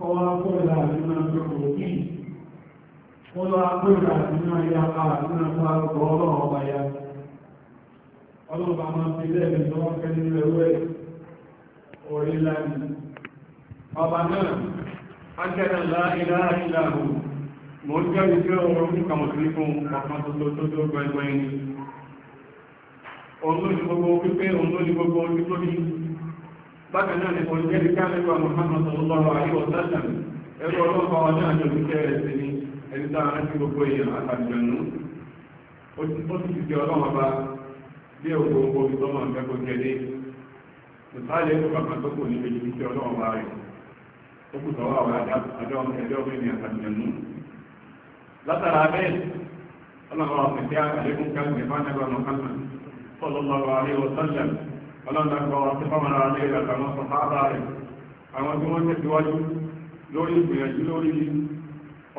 ọwọ́ akọ́rẹ̀ àti náà jọkọ̀ òbí ọlọ́ akọ́rẹ̀ àti náà ya àti náà fún àrùkọ ọlọ́run ọba ya ọlọ́run bá máa fi lẹ́ẹ̀mí tó wọ́n fẹ́ nílẹ̀ wẹ́ orí láti ọba náà ajẹ́rẹ̀ láìlá ìlàhù mọ̀ jẹ́ ìfẹ́ ọ̀rọ̀ fún kàmọ̀sílẹ̀ fún ọ̀kan tó tó tó gbẹ̀gbẹ̀ ni òun ló ní gbogbo pípé òun ló ní gbogbo orí tó ní bákan náà ni mo jẹ́ ní káàlẹ́wà Muhammad sallallahu alaihi wa sallam ẹ̀rọ ọlọ́pàá ọjọ́ àjọ ìṣẹ́ rẹ̀ sí ni ẹni tá a rántí gbogbo èèyàn àtàjọ̀nù ó ti ti ọlọ́wọ́ bá bí òkú owó ìtọ́mọ̀ ìfẹ́kọ̀ jẹ́dé ọlọ́dàgbọ́ wọn tí fọ́mọ̀lá alẹ́ ìlàtàwọn sọ fáàbà rẹ̀ àwọn tí wọ́n tẹ̀síwájú lórí ìgbìyànjú lórí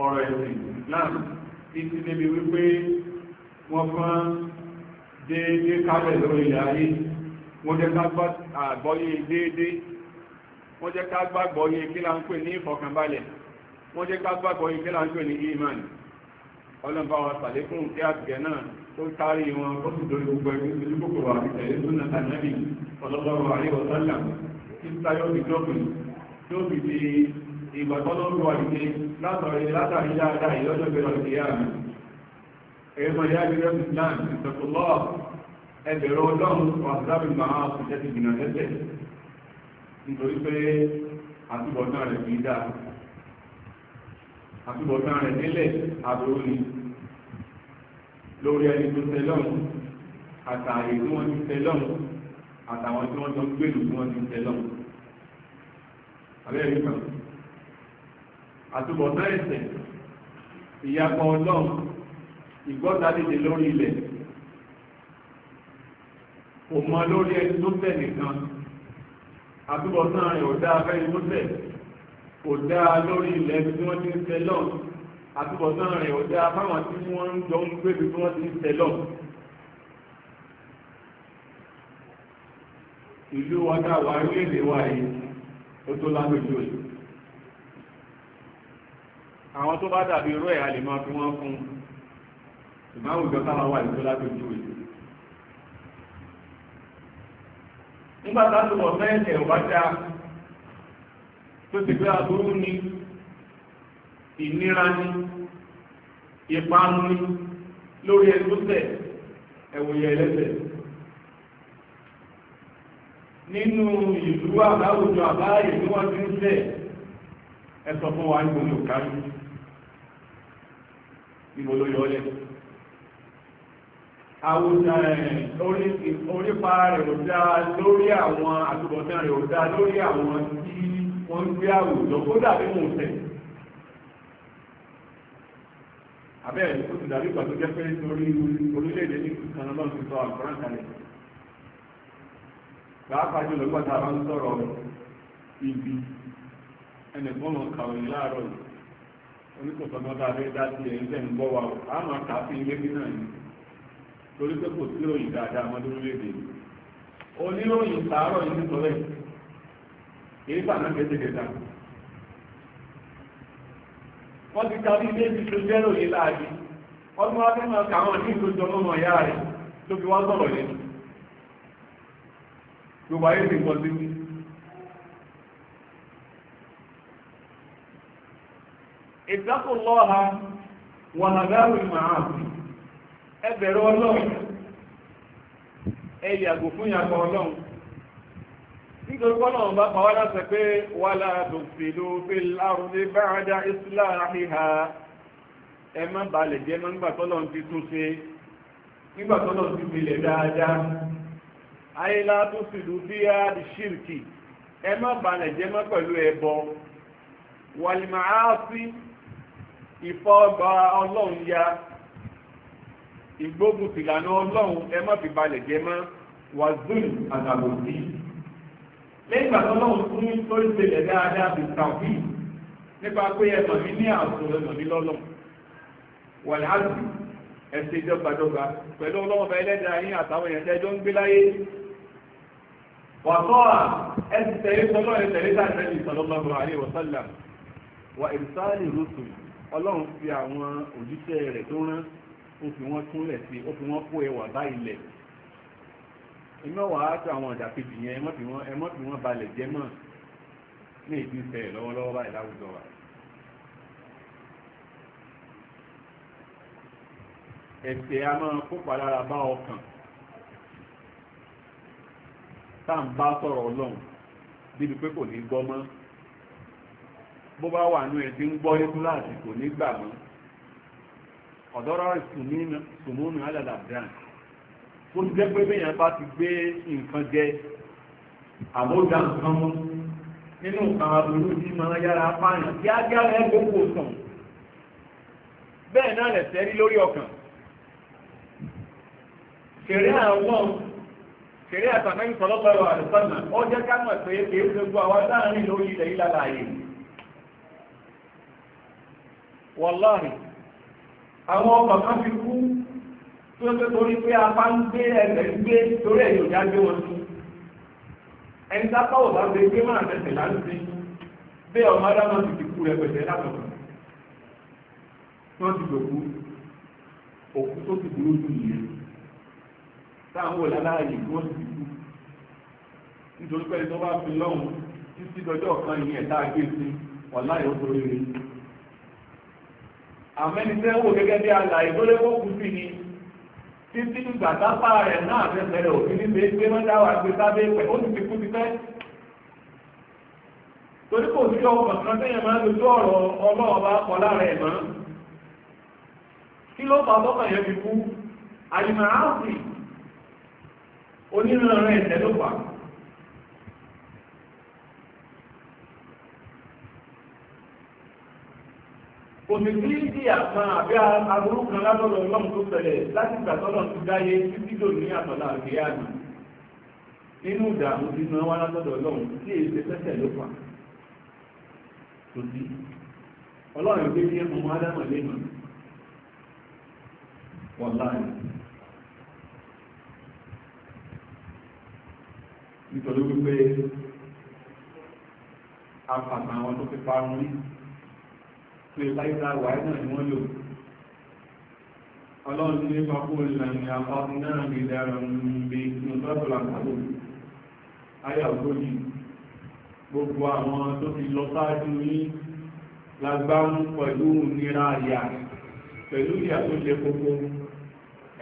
ọ̀rọ̀ ẹ̀sìn náà títí débi wípé wọ́n fún déédé kábẹ̀ lórí ilẹ̀ ayé wọ́n jẹ́ ká gbàgbọ́yé déédé wọ́n jẹ́ ká gbàgbọ́yé kí là ń pè ní sàlékún kí àgbẹ̀ náà tó kárí wọn ó sì dórí gbogbo ẹgbẹ́ ìlú kòkòrò àtẹ̀lé súnà tànàbì ọlọ́gbọ́rọ̀ àríwọ̀ sálà tí táyọ̀ fi dọ́pìn tí ó fi di ìgbà tọ́lọ́rù àìdé látàrí dáadáa ìlọ́jọ́ bẹ̀rẹ̀ ìdíyà mi ẹ̀rọ ìyá ìrẹ́ islam ìtọ̀tọ̀lọ́ ẹgbẹ̀rọ ọlọ́run wàtàbí máa ṣiṣẹ́ ti gbìnà lẹ́sẹ̀ nítorí pé àtúbọ̀tán rẹ̀ kìí dáa àtúbọ̀tán rẹ̀ nílẹ̀ lórí ẹni tó tẹ́lọ́run àtààyè tí wọ́n ti tẹ́lọ́run àtàwọn tí wọ́n jọ ń gbèrú tí wọ́n ti tẹ́lọ́run abẹ́rẹ́ kan àtúbọ̀tán ẹ̀sẹ̀ ìyapa ọlọ́run ìgbọ́dálẹ́dẹ lórí ilẹ̀ kò mọ lórí ẹni tó tẹ̀ nìkan àtúbọ̀tán rẹ̀ ò dáa fẹ́ni tó tẹ̀ kò dáa lórí ilẹ̀ tí wọ́n ti ń àtúbọ̀tán rẹ̀ ọjà fáwọn tí wọ́n ń jọ ń gbé bí wọ́n ti ń tẹ̀lọ̀ ìlú wa dáwà orílẹ̀-èdè wa yìí ó tó lágbèjì òyì àwọn tó bá dàbí irú ẹ̀ a lè máa fi wọ́n fún ìmáwò ìjọ táwa wà ní tó lágbèjì òyì nígbà tá a tó wọ̀ mẹ́ẹ̀ẹ̀ ọ̀bá dá tó ti gbé aburú ni ìnira ní ní lórí ẹ̀tọ́tẹ̀ ẹ̀wòyẹ̀ ẹlẹ́tẹ̀ nínú ìlú àbáwùjọ àbáyé ní wọ́n ti ń tẹ̀ ẹ̀sọ̀ fún wa nígbòmí òkárí níbo ọlẹ́ eh, orípa rẹ̀ ò dá lórí àwọn àtúbọ̀tán rẹ̀ ò dá lórí àwọn tí wọ́n ń abẹ́rẹ́ tó ti dàbí ìgbà tó jẹ́ pé torí orílẹ̀-èdè ní kan lọ́nà ti sọ àkùrán kalẹ̀ pàápàá jùlọ gbọ́ta bá ń sọ̀rọ̀ ibi ẹnì gbọ́mọ̀ kàwé láàárọ̀ oníkòsọ́gbọ́n tá a fẹ́ dá sí ẹ̀ ń tẹ̀ ń bọ́ wa o a máa kà á fi ilé bí náà ni torí pé kò sí òyìn dáadáa ọmọdé orílẹ̀-èdè oníròyìn sàárọ̀ yìí nítorí èyí pàmò kẹ́sẹ̀kẹ́ta wọ́n ti ka bí méjì tó jẹ́rò yìí láàrin wọ́n tún wá fẹ́ máa kàwọn ní ìlú jọmọ́ mọ̀ yá rẹ̀ tó fi wá sọ̀rọ̀ yẹn gbogbo ayé ti kọ́ sí ìtàkùnlọ́ha wọn àgáwò ìmọ̀ràn ẹbẹ̀rẹ̀ ọlọ́run ẹ fún yàgò ọlọ́run nítorí kọ́nà ọba pàwọ́ láti pé wà láàdùn fìlú fìlú àrùn ní báradà ìsìláàríhà ẹ má balẹ̀ jẹ́ mọ́ nígbà tọ́lọ́ ti tún ṣe nígbà tọ́lọ́ ti filẹ̀ dáadáa ayé láàdùn fìlú bí a di ṣírìkì ẹ má balẹ̀ jẹ́ mọ́ pẹ̀lú ẹbọ wàlìmáàsì ìfọ́gbà ọlọ́run ya ìgbógun tìlànà ọlọ́run ẹ má fi balẹ̀ jẹ́ mọ́ wàzúù àtàbòsí lẹ́gbà tọ́lọ́run fún ní tó ìpele dáadáa bí tàbí nípa pé ẹ̀mọ̀ mi ní àtò ẹ̀mọ̀ mi lọ́lọ́ wàláàbì ẹ̀sẹ̀ ìjọgbàjọgbà pẹ̀lú ọlọ́wọ́n bẹ́ẹ̀ lẹ́dàá yín àtàwọn èèyàn tẹ́jọ́ ń gbé láyé wàtọ́ à ẹ̀sì tẹ̀lé tọ́lọ́ ẹ̀ tẹ̀lé tá ìtẹ́lẹ̀ ìsọ̀lọ́lọ́rọ̀ àrí wọ̀sálà wà ìsáàlì rúsù ọlọ́run fi àwọn òjíṣẹ́ rẹ̀ tó rán ó fi wọ́n túnlẹ̀ sí ó fi wọ́n kó ẹwà bá ilẹ̀ iná wàá tó àwọn ìdàkejì yẹn ẹmọ́ tí wọ́n balẹ̀ jẹ́ mọ́ ní ìdí ìfẹ́ lọ́wọ́lọ́wọ́ báyìí láwùjọ wa. ẹ̀sẹ̀ a máa kópa lára bá ọkàn tá à ń bá sọ̀rọ̀ ọlọ́run bíbi pé kò ní gbọ́ mọ́ bó bá wà nú ẹ̀ gbọ́ ikú láti kò ní gbà mọ́ ọ̀dọ́rọ̀ ìsùnmùnú alàlàbíàn ó ti jẹ́ pé bẹ́yàn bá ti gbé nǹkan jẹ àbójà nǹkan mú nínú nǹkan aburú tí máa yára pààyàn kíákíá rẹ̀ gbogbo sàn bẹ́ẹ̀ náà lẹ̀ sẹ́rí lórí ọkàn kèrè àwọn kèrè àtàkùn ìsọlọ́pọ̀lọ́ àdìsọ́nà ó jẹ́ ká mọ̀ pé kèé gbogbo àwọn láàrin lórí ilẹ̀ yìí lálàyé wọ́láàrin àwọn ọkọ̀ kan fi kú tí ó ń torí pé apá ń gbé ẹgbẹ̀ ń gbé torí ẹ̀yìn òjá gbé wọn sí ẹni sápáwọ̀ bá gbé gbé máa tẹ̀sẹ̀ láti bí ọmọ adámọ̀ ti ti kú rẹ̀ pẹ̀sẹ̀ látọ̀ wọ́n ti gbòkú òkú tó ti jù nìyẹn táwọn wò wọ́n ti kú nítorí pé ẹni tó bá fi lọ́hùn títí dọjọ́ kan ẹ̀dá gbé sí ọ̀la rí tẹ́ wò gẹ́gẹ́ títí ìgbà tápá rẹ̀ náà fẹ́fẹ́rẹ̀ òfin níbi gbé mọ́dá wa gbé sábẹ́ pẹ̀ ó ti fi kú ti torí kò sí ọkọ̀ kan máa lójú ọ̀rọ̀ ọlọ́ọ̀bá kọ lára ẹ̀ mọ́ kí ló fà bọ́kàn yẹn fi kú àyìnbá òmìnirí sí àpọn àbí aburú kan látọ̀dọ̀ ọlọ́run tó ṣẹlẹ̀ láti ìgbà ti dáyé títí ní àtọ̀lá nínú ìdààmú ti máa wá látọ̀dọ̀ ọlọ́run tí èyí ṣe ló fà tó sí ọlọ́run gbé ní adámọ̀ lẹ́nu láàyè nítorí wípé pé láìsá wáyé náà ni wọ́n lò ọlọ́run ní papò ìlànà àpapọ̀ náà lè dára bí mo sọ́tọ̀lá pàtó ayà ògbójì gbogbo àwọn tó ti lọ sáájú yín lágbámú pẹ̀lú nira àyà pẹ̀lú ìyà tó lè kókó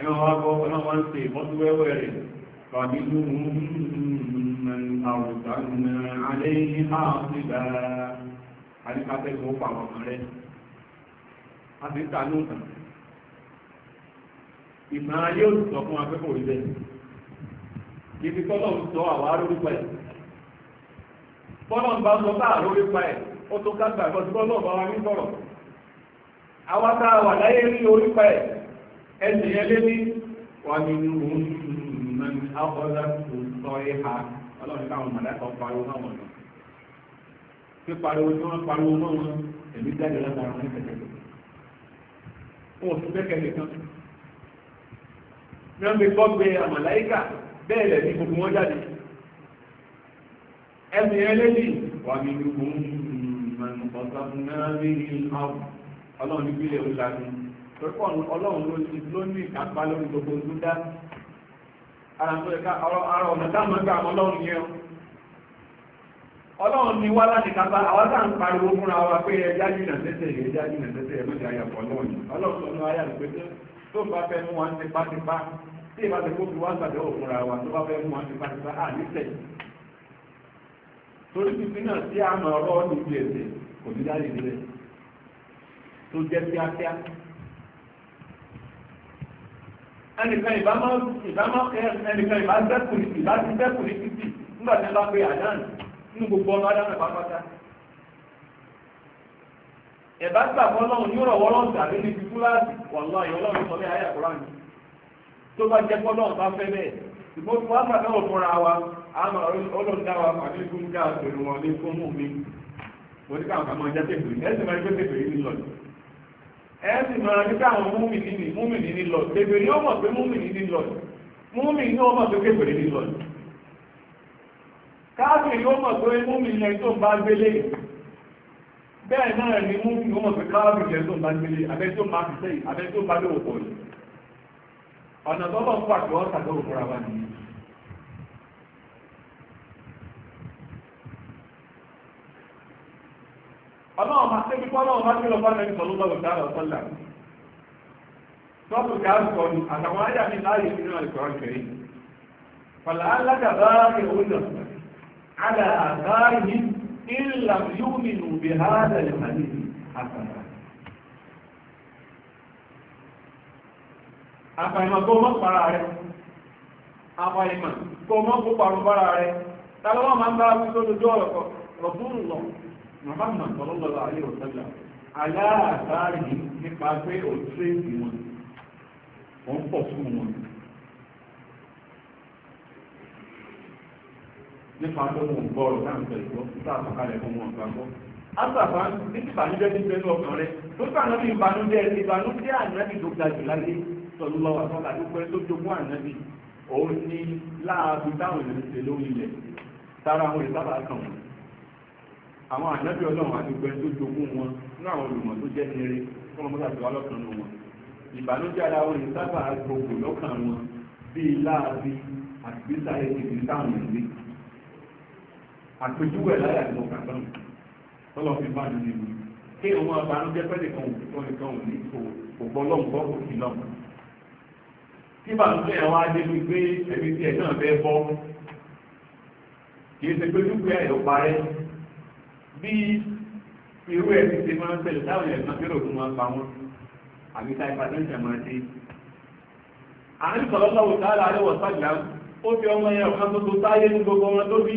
ẹ̀wọ̀n wá kọ́ ọlọ́wọ́ ń ṣe ìmọ́túwẹ́wẹ́ rẹ̀ tàbí lóhun àwòsàn àlẹ́ yìí máa ń ṣe dáa àríkàtẹ́gbọ́n pàwọn rẹ̀ a sì ń ta ní òtàn ìmọ̀ ayé ò sọ fún akẹ́kọ̀ọ́ rí bẹ́ẹ̀ ibi kọ́lọ̀ ń sọ àwọn arórípa ẹ̀ kọ́lọ̀ ń bá sọ bá àrórípa ẹ̀ ó tó ká gbàgbọ́ sí kọ́lọ̀ bá wa ní sọ̀rọ̀ àwọn tá a wà láyé rí orípa ẹ̀ ẹsẹ̀ yẹn lé ní wà nínú òun mẹ́rin àbọ̀lá kò sọ ìhà ọlọ́run káwọn mọ̀lẹ́kọ̀ọ́ pariwo náà wọ̀nyí pípariwo tí wọ́n pariwo náà wọn èmi jáde lọ́ta wọn ò fi bẹ́kẹ̀ nìkan ní wọ́n fi gbọ́ pé àmàláíkà bẹ́ẹ̀ lẹ̀ ní gbogbo wọn jáde ẹ̀mí ẹlẹ́dì wà mí gbogbo ọlọ́run ní gbílẹ̀ olùdarí pẹ̀lú ọlọ́run ló ti ló ní ìkápá lórí gbogbo tó dá ara ọ̀nà táwọn ẹgbẹ́ àwọn ọlọ́run yẹn ọlọ́run ni wá láti kápá àwọ́sá ń pariwo fúnra wa pé ẹjá jìnà tẹ́tẹ̀ ẹjá jìnà tẹ́tẹ̀ ẹlọ́jà ayàpọ̀ náà ni ọlọ́run sọ ní ayà pé tó bá fẹ́ mú wọn tipátipá tí ìbá ti kó fi wá sàdéhùn fúnra wa tó bá fẹ́ mú wọn tipátipá à nísẹ̀ torí fífi náà sí àmọ́ ọ̀rọ̀ níbi ẹ̀sẹ̀ kò ní dáre nílẹ̀ tó jẹ́ kíákíá ẹnìkan ìbámọ́ ìbámọ́ ẹnìkan ìbá n'ụmụ gbogbo ọmọ adámẹ pátápátá ẹ̀bá gbàgbọ́ ọlọ́run yóò rọ̀wọ́ ọlọ́run tàbí níbi fúláàsì wọ̀lọ́ ìyọ́ sọ bí ayé àkùrá mi tó bá jẹ́ pọ́ ọlọ́run bá fẹ́ bẹ́ẹ̀ wá pàtàkì òfúnra wa àmà wa pàdé fún ká wọn ní fún mú mi mo ní káwọn ẹ̀sìn máa káàkiri ló mọ̀ pé múmi ilẹ̀ tó bá gbélé bẹ́ẹ̀ náà ni múmi ló mọ̀ pé káàkiri ilẹ̀ tó bá gbélé abẹ́ tó máa fi sẹ́yìn abẹ́ tó bá lówó pọ̀ yìí ọ̀nà tọ́lọ̀ ń pàtó ọ̀sà tó fúra wa nìyí ọlọ́run máa tẹ́bi kọ́ ọlọ́run máa tẹ́bi lọ fọ́nà ẹni sọ̀rọ̀ lọ́wọ́ dára ọ̀sọ́là tọ́pù káàkiri kọ́ ni àtàwọn ayé àmì láàyè nínú àlùkò ọ̀kẹ́rì pàlà alágàbá ìròyìn ọ̀sán على آثارهم إن لم يؤمنوا بهذا الحديث حسنا àfàìmọ̀ tó mọ́ pàrà rẹ̀ àfàìmọ̀ tó mọ́ kó pàrù pàrà rẹ̀ tàbíwọ́n máa ń bá wí tó lójú ọ̀rọ̀kọ̀ rọ̀bùn lọ Muhammad sallallahu alaihi nípa tó mú un gbọ́ọ̀rọ̀ náà pẹ̀lú tó tá a sọ̀kalẹ̀ fún wọn gbàgbọ́. Àgbàfà ní ti bànújẹ́ ti bẹnu ọkàn rẹ̀ tó sànà bí ìbànújẹ́ ti ìbànújẹ́ ànábì tó ga jù láyé sọ̀rọ̀ lọ́wọ́ àtọ́ka tó pẹ́ tó jogún ànábì òun ní láàbí táwọn ènìyàn ṣe lórí ilẹ̀ tára àwọn ìsábà kàn wọ́n. Àwọn ànábì ọlọ́run àti pẹ́ tó jogún wọn ní àwọn olùmọ̀ tó jẹ́ nire fún ọmọ láti wá lọ́kàn wọn. Ìbànújẹ́ àpèjúwẹ̀ láyà ní ọkà tán tọ́lọ̀ fi bá nínú ìlú kí ọmọ àbánújẹ́ pẹ́lẹ̀ kan òkútọ́ nìkan ò ní òpó lọ́nkọ́ kò sí lọ́mù tí bàtúnjẹ́ àwọn adébí pé ẹbí tí ẹ̀ náà bẹ́ bọ́ kì í ṣe pé dúkìá ẹ̀ parẹ́ bí irú ẹ̀ ti ṣe máa ń tẹ̀lé táwọn ẹ̀ náà bẹ̀rẹ̀ òkú máa pa wọn àbí ta ìpàdánjà máa dé àárín sọ̀rọ̀ sọ̀rọ̀ sáà láàrin wọ̀ sáà ó fi ọmọ yẹn ọ̀kan tó tó táyé ní gbogbo ọmọ tó bí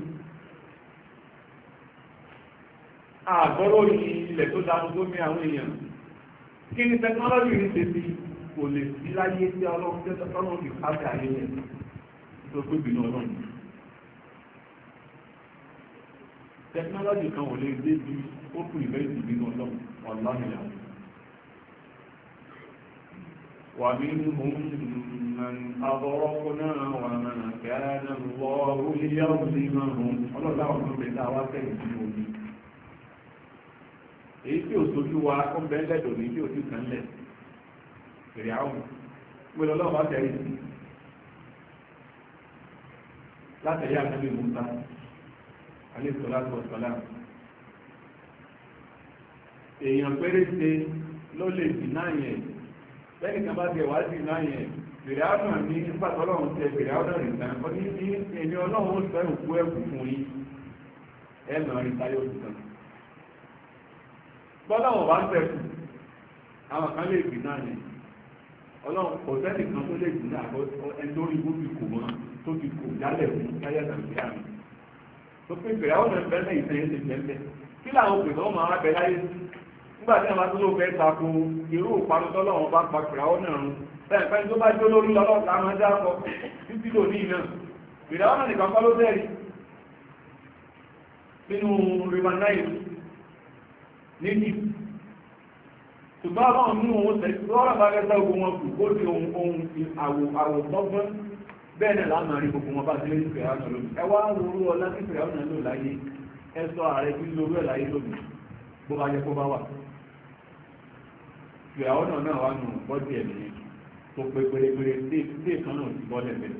àgbọ́rọ̀ ilẹ̀ tó dáa tó mi àwọn èèyàn kí ni tẹkinọ́lọ́jì rí ṣe sí kò lè sí láyé tí ọlọ́run tẹ́ tọ́lọ́run fi pàṣẹ ayé rẹ̀ tó pé من أضرقنا ومن كان الله ليظلمهم الله لا أعلم بالله وكيف يؤمن èyí tí ò sojú wa ó ń bẹ lẹ́dọ̀ ní tí ò sí kan lẹ̀ èrè àwọn pé lọ́wọ́ bá tẹ̀lé sí látẹ̀lé àtẹ̀lé Musa alẹ́ sọlá tó sọlá èèyàn péréte ló lè dì náà yẹn bẹ́ẹ̀ni kan bá tẹ̀ wá dì náà yẹn èrè àwọn ní pàtọ́lọ́hún tẹ èrè àwọn rìn tán ó ní ní ọlọ́run ó sọ òkú ẹ̀kú fún yín ẹ̀ mọ̀ ọ́n rí kan tọ́láwọ̀ bá ń tẹ̀kù àwọn kan lè gbì náà ni ọlọ́run kò sẹ́ni kan tó lè gbì náà ẹni tó rí ibú ti kò mọ́ tó ti kò jálẹ̀ fún káyà tàbí àmì tó pé ìpèrè àwọn ọ̀nà ìfẹ́ ìfẹ́ ti fẹ́lẹ̀ kí làwọn òpè tó máa bẹ láyé nígbà tí àwọn atúlò fẹ́ tako irú ìpanu tọ́lọ́run bá pa ìpèrè àwọn ọ̀nà run bẹ́ẹ̀ pẹ́ni níbi ṣùgbọ́n àwọn mú ohun tẹ̀sí lọ́rọ̀ bá gẹ́gẹ́ ogun wọn kù ó di ohun ohun ti àwòtọ́gbọ́n bẹ́ẹ̀ náà láàmà rí gbogbo wọn bá ti lẹ́yìn fèrè àwọn olómi ẹ wá ń rú ọlá tí fèrè àwọn olómi láyé ẹ sọ ààrẹ tí lórí ẹ̀ láyé lómi bó bá yẹ kó bá wà fèrè àwọn náà wà nù bọ́dì ẹ̀mí tó pé pérépéré tí èkán náà ti bọ́ lẹ́gbẹ̀ẹ́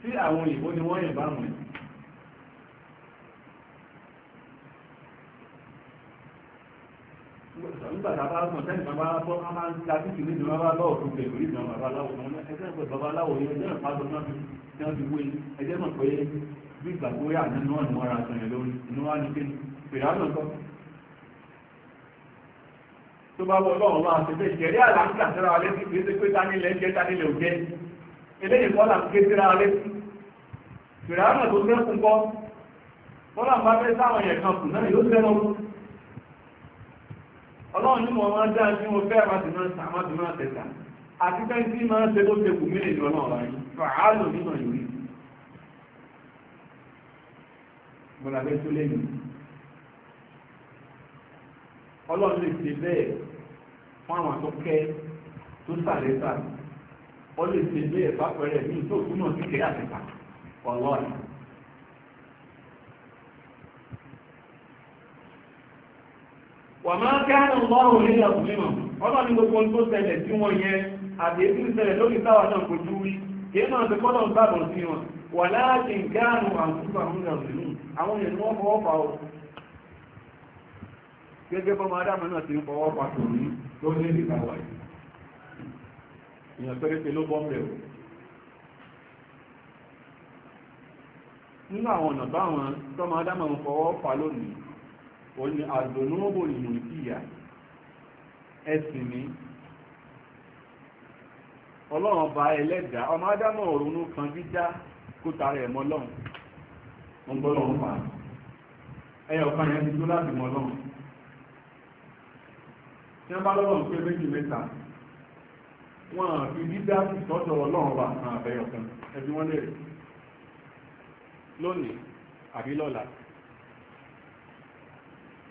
tí àwọn òyìnbó ni wọ́n yẹ̀ bá wọn nígbà tá a bá sùn tẹ́lẹ̀ bàbá bọ́ a máa ń ta títì nídìí bàbá láwọ̀ tó gbèrò nídìí àwọn bàbá láwọ̀ náà ẹgbẹ́ ìpè bàbá láwọ̀ yẹn ẹgbẹ́ ìpè àgbọn náà ti wọ́n ti wé ẹgbẹ́ mọ̀ pé bí ìgbà tó yà nínú ọ̀nà wọn ra sọ̀rọ̀ lórí inú wa ni pé pèrè àná kọ́. tó bá wọ ọlọ́run máa ṣe bẹ́ẹ̀ jẹ́rí àlàáfíà síra wa létí kì í ṣe pé tanilẹ̀ jẹ́ tanilẹ̀ ò jẹ́ eléyìí kọ́là ń ké síra wa létí pèrè àná tó fẹ́ kún kọ́ kọ́là ń bá fẹ́ sáwọn yẹn kan kù náà yóò fẹ́ lọ́wọ́ ọlọ́run ní mo máa dáa tí mo fẹ́ àmàtìmọ́ àtẹ̀sà àti pé tí máa ṣe bó ṣe kù mí nìjọ náà rà yìí fàálò nínú ìwé gbọ́dàgbé tó lé mi ọlọ́run lè ṣe bẹ́ẹ̀ fún àwọn tó kẹ́ tó sàlẹ̀ sàlẹ̀ ọ lè ṣe bẹ́ẹ̀ bá pẹ̀rẹ̀ ní tó túmọ̀ sí kẹ́ àtẹ̀sà ọlọ́run wà máa káàkiri lọ́rùn nílẹ̀ ọ̀pùlìmọ̀ ọlọ́ni gbogbo tó ṣẹlẹ̀ tí wọ́n yẹ àdéhùn ìṣẹ̀lẹ̀ lórí táwà náà kò jú rí kìí máa fi kọ́lọ̀ gbàgbọ́ sí wọn wà láti gáàrù àkúkú àwọn ìrọ̀lẹ́mù àwọn èèyàn wọ́n fọwọ́ pa ọ́ gẹ́gẹ́ bọ́mọ adáma náà ti ń fọwọ́ pa tòun tó ní ìgbà wà yìí èèyàn péréte ló bọ́ mẹ́ o nínú àwọn ọ̀nà báwọn tọ́mọ adáma ń fọwọ́ pa onye ní àdùnnúbò ẹ̀sìn ní ọlọ́run bá ẹlẹ́dà ọmọ ádámọ̀ òrùnú kan dídá kó tara ẹ̀mọ́ lọ́run wọ́n pa ẹyọ kan yẹn ti tó láti mọ́ tí wọ́n bá pé méjì mẹ́ta wọ́n fi dídá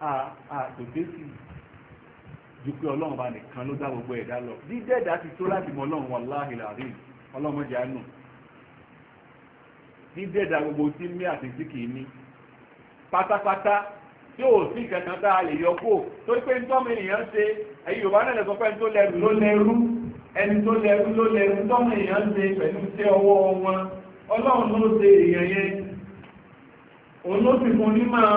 àtòdésì ju pé ọlọ́run bá nìkan ló dá gbogbo ẹ̀dá lọ dídẹ́ẹ̀dá ti tó láti mọ ọlọ́run wàláhì làrí ọlọ́mọdé àánú dídẹ́ẹ̀dá gbogbo tí mí àti tí kìí ní pátápátá tí ò sí kankan tá a lè yọ kó torí pé nítorí ènìyàn ṣe ẹ̀yìn yorùbá náà lè sọ pé ẹni tó lẹ́rù ló lẹ́rù ẹni tó lẹ́rù ló lẹ́rù tọ́mọ èèyàn ṣe pẹ̀lú iṣẹ́ ọwọ́ wọn ọlọ́run ló ṣe èèyàn yẹn òun ló sì fún ní máa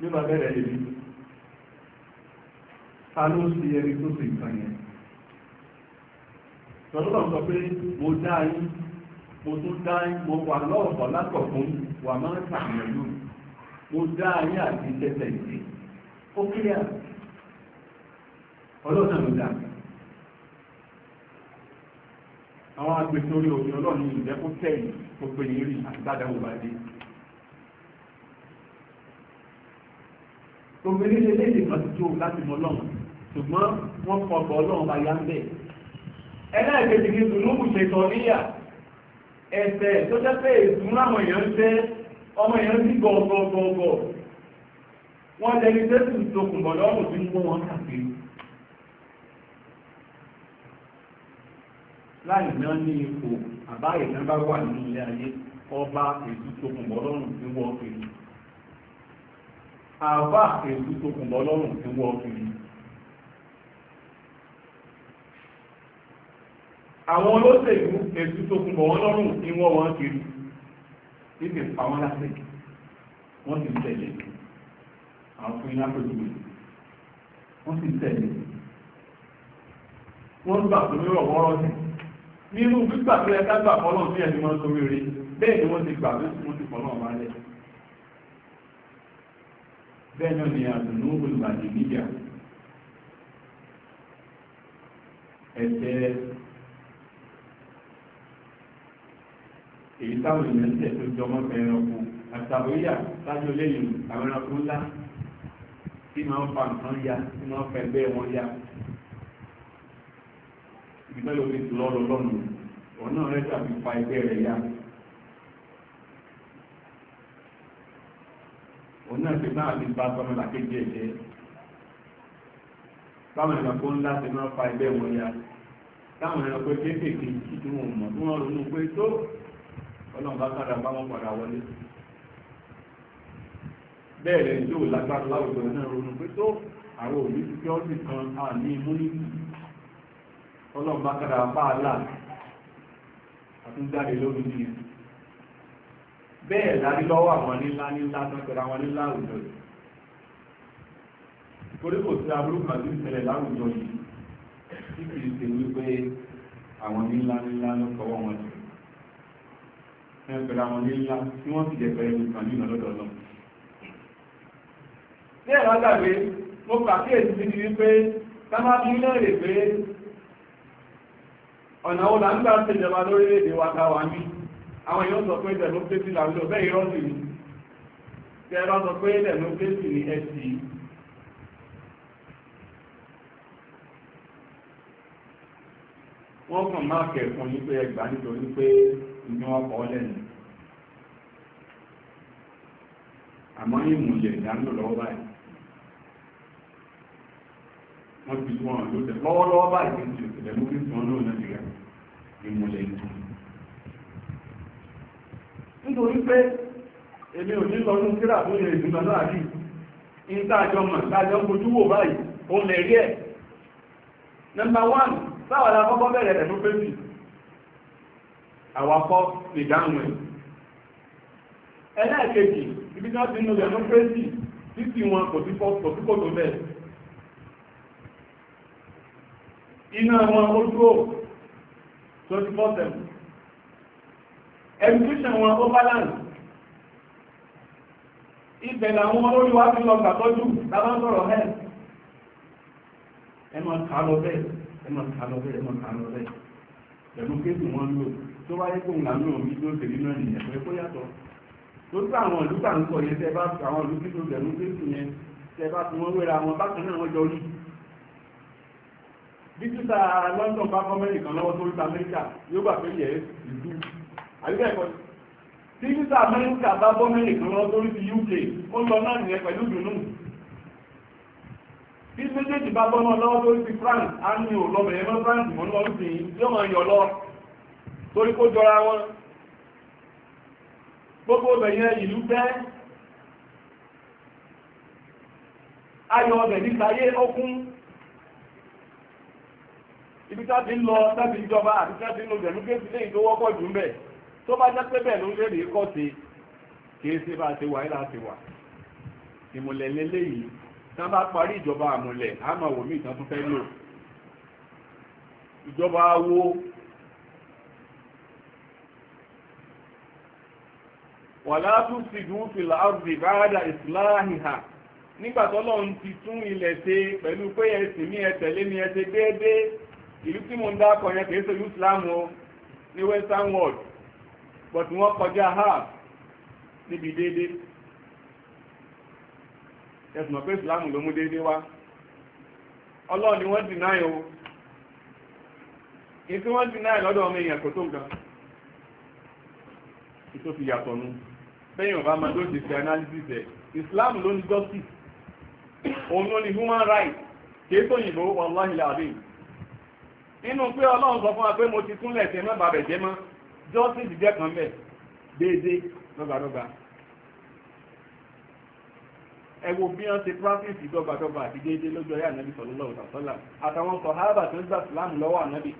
ní ma bẹ̀rẹ̀ lè bí ta ló sí ẹni tó sì nǹkan yẹn tọ́lọ́lọ́ sọ pé mo dá yín mo tún dá yín mo wà lọ́ọ̀bọ̀ látọ̀kún wà máa ń sàmìlú mo dá yín àti tẹ́tẹ̀ ìdí ó kílẹ̀ ọlọ́ọ̀nà ló dà àwọn agbèsórí òfin ọlọ́ọ̀ni ìjẹ́kú tẹ̀yìn gbogbo ìrírí àti dáadáa wò bá dé gbogbo ilé léde kan ti láti mọ lọ́wọ́ ṣùgbọ́n wọ́n kọ ọ̀pọ̀ bá yá ń bẹ̀. ẹlẹ́ẹ̀kejì ni tùnúbù ṣètò níyà ẹ̀sẹ̀ tó jẹ́ pé ìdúnrún àwọn èèyàn ń ọmọ èèyàn àbá èlú tó kùn lọ́lọ́rùn tí wọ́n fi ní àwọn olóṣèlú èlú tó kùn lọ́wọ́ lọ́rùn tí wọ́n wọ́n kiri níbi àwọn lásìkò wọ́n ti tẹ̀lé àwọn fún iná pẹ̀lú rẹ̀ wọ́n ti tẹ̀lé wọ́n gbà tó ní rọ̀wọ́rọ́ sí nínú gbígbà tó yẹ ká gbà fọ́lọ́ sí ẹni wọ́n sórí rí bẹ́ẹ̀ ni wọ́n ti gbà tó sì wọ́n ti fọ́lọ́ ọ̀mà lẹ́yìn bẹ́ẹ̀ náà ni àdùnnú olùbàdì níjà ẹ̀tẹ́ èyí táwọn èèyàn tẹ̀ tó jọmọ́ ẹranko àtàwéyà sájú lẹ́yìn àwọn ẹranko ńlá tí máa ń fa nǹkan ya tí máa ń fa ẹgbẹ́ wọn ya ìgbẹ́ lórí lọ́rọ̀ lọ́nu ọ̀nà rẹ̀ tàbí fa ẹgbẹ́ rẹ̀ ya. òun náà ti náà ti bá sọmọlá kéjì ẹ̀jẹ̀ táwọn ẹranko ńlá ti máa fa ẹgbẹ́ wọn ya táwọn ẹranko kéékèèké tí wọn mọ̀ tí wọ́n ronú pé tó ọlọ́run bá kára bá wọn padà wọlé bẹ́ẹ̀ rẹ̀ yóò lágbára láwùjọ náà ronú pé tó àwọn òbí títí ọ́sì kan á ní imú ní ọlọ́run bá kára bá a là àtúndáde lórí nìyẹn bẹ́ẹ̀ láti lọ́wọ́ àwọn nílá nílá tán pẹ̀lú àwọn nílá àwùjọ yìí torí kò sí aburú kan tí ìṣẹ̀lẹ̀ láwùjọ yìí tí kì í ṣe wípé àwọn nílá nílá ló kọwọ́ wọn jù ẹ pẹ̀lú àwọn nílá tí wọ́n sì jẹ́ pẹ̀lú nǹkan ní ìrànlọ́dọ̀ náà ní ẹ̀rọ àgbàgbé ọ̀nà wo là ń gbà ṣèjọba lórílẹ̀-èdè wa ká wa mí àwọn èèyàn sọ pé democracy là ń lò bẹ́ẹ̀ irọ́ sì ni tẹ́ ẹ bá sọ pé democracy ni ẹ sì wọ́n kàn máa kẹ̀kùn ní pé ẹgbà nítorí pé ní wọ́n kọ́ lẹ́nu àmọ́ ìmùlẹ̀ ìdánù lọ́wọ́ báyìí wọ́n ti wọ́n lóde lọ́wọ́lọ́wọ́ báyìí ti ti tẹ̀lé lórí tí wọ́n lóde nígbà ìmùlẹ̀ ìdánù nítorí pé èmi ò ní lọ́nú kíra fún ilẹ̀ ìgbìmọ̀ náà rí in tààjọ mọ̀ tààjọ gbójú wò báyìí o lè rí ẹ̀ nọmbà wán sáwà la kọ́kọ́ bẹ̀rẹ̀ rẹ̀ fún pẹ́sì àwakọ́ ìdáhùn ẹ̀ ẹlẹ́ẹ̀kejì ibi tí wọ́n ti nù rẹ̀ fún pẹ́sì títí wọn kò sí kòtò bẹ́ẹ̀ iná wọn ó dúró 24 7 education wọn ó balance ibẹ̀ làwọn olórí wa fi lọ gbàtọ́jú lábá ń sọ̀rọ̀ health ẹ máa kà lọ bẹ́ẹ̀ ẹ máa kà lọ bẹ́ẹ̀ ẹ máa kà lọ bẹ́ẹ̀ pẹ̀lú kéèkì wọn lò tó bá yẹ kóhùn làánú omi tó ṣe nínú ènìyàn pé kó yàtọ̀ tó tí àwọn ìlú tà ń sọ yẹn tẹ bá àwọn ìlú tí tó bẹ̀rù kéèkì yẹn tẹ bá fi wọn wéra wọn bákan náà wọn jọ rí bí títà London bá kọ́ mẹ́rin kan lọ́wọ́ tó rí Amẹ́ríkà yóò gbà pé yẹ ìlú àríkẹ́kọ̀ọ́ tí mítà amẹ́ríkà bá bọ́ mẹ́rìnkàn lọ lórí ti uk ó lọ náà nìyẹn pẹ̀lú dùnú tí méjèèjì bá bọ́ náà lọ́wọ́ lórí ti france á ní ò lọ bẹ̀rẹ̀ mọ́ france mọ́ lọ́rùn sí yóò máa yọ lọ torí kó jọra wọn gbogbo bẹ̀yẹn ìlú fẹ́ ayọ̀ ọbẹ̀ nítayé ọkún ibi tá ti ń lọ tábí ìjọba àti tábí ń lo jẹ̀lú kéèsì lẹ́yìn tó wọ́pọ̀ jù ń bẹ̀ tó bá jẹ́ pé bẹ́ẹ̀ ló ń lérè kọ́ sí kìí ṣe bá ṣe wà ní láti wà ìmùlẹ̀ lélẹ́yìí tá bá parí ìjọba àmùlẹ̀ á máa wò mí ìtàn tó fẹ́ lò ìjọba awo wàlá tún ti dùn fìlà ọ̀gbìn báradà ìsìláhìhà nígbà tọ́lọ́run ti tún ilẹ̀ ṣe pẹ̀lú pé ẹ̀sìn mi ẹ tẹ̀lé mi ẹ déédéé ìlú tí mo ń dákọ̀ yẹn kìí ṣe ìlú ìsìlámù ní western world but wọ́n kọjá half níbi déédé ẹ̀sùn pé ìsìláàmù ló mú déédé wá ọlọ́ọ̀ ni wọ́n dìnáì o kí tí wọ́n dìnáì lọ́dọ̀ ọmọ èèyàn kò tó nǹkan tó fi yàtọ̀ nù bẹ́yìn ọba máa ló ṣe fi analysis ẹ̀ Islam ló ní justice òun ló ní human rights kìí tó yìnbó wàláhì láàrin nínú pé Ọlọ́run sọ fún wa pé mo ti túnlẹ̀ tẹ́ mọ́ bàbẹ̀ jẹ́ mọ́ justice jẹ́ kan bẹ́ẹ̀ déédéé dọ́gbàdọ́gbà ẹ bí wọ́n ṣe practice dọ́gbàdọ́gbà àti déédéé lójú ayé ànábì sallallahu alaihi wasallam àtàwọn tó ń gbà sílámù lọ́wọ́ ànábì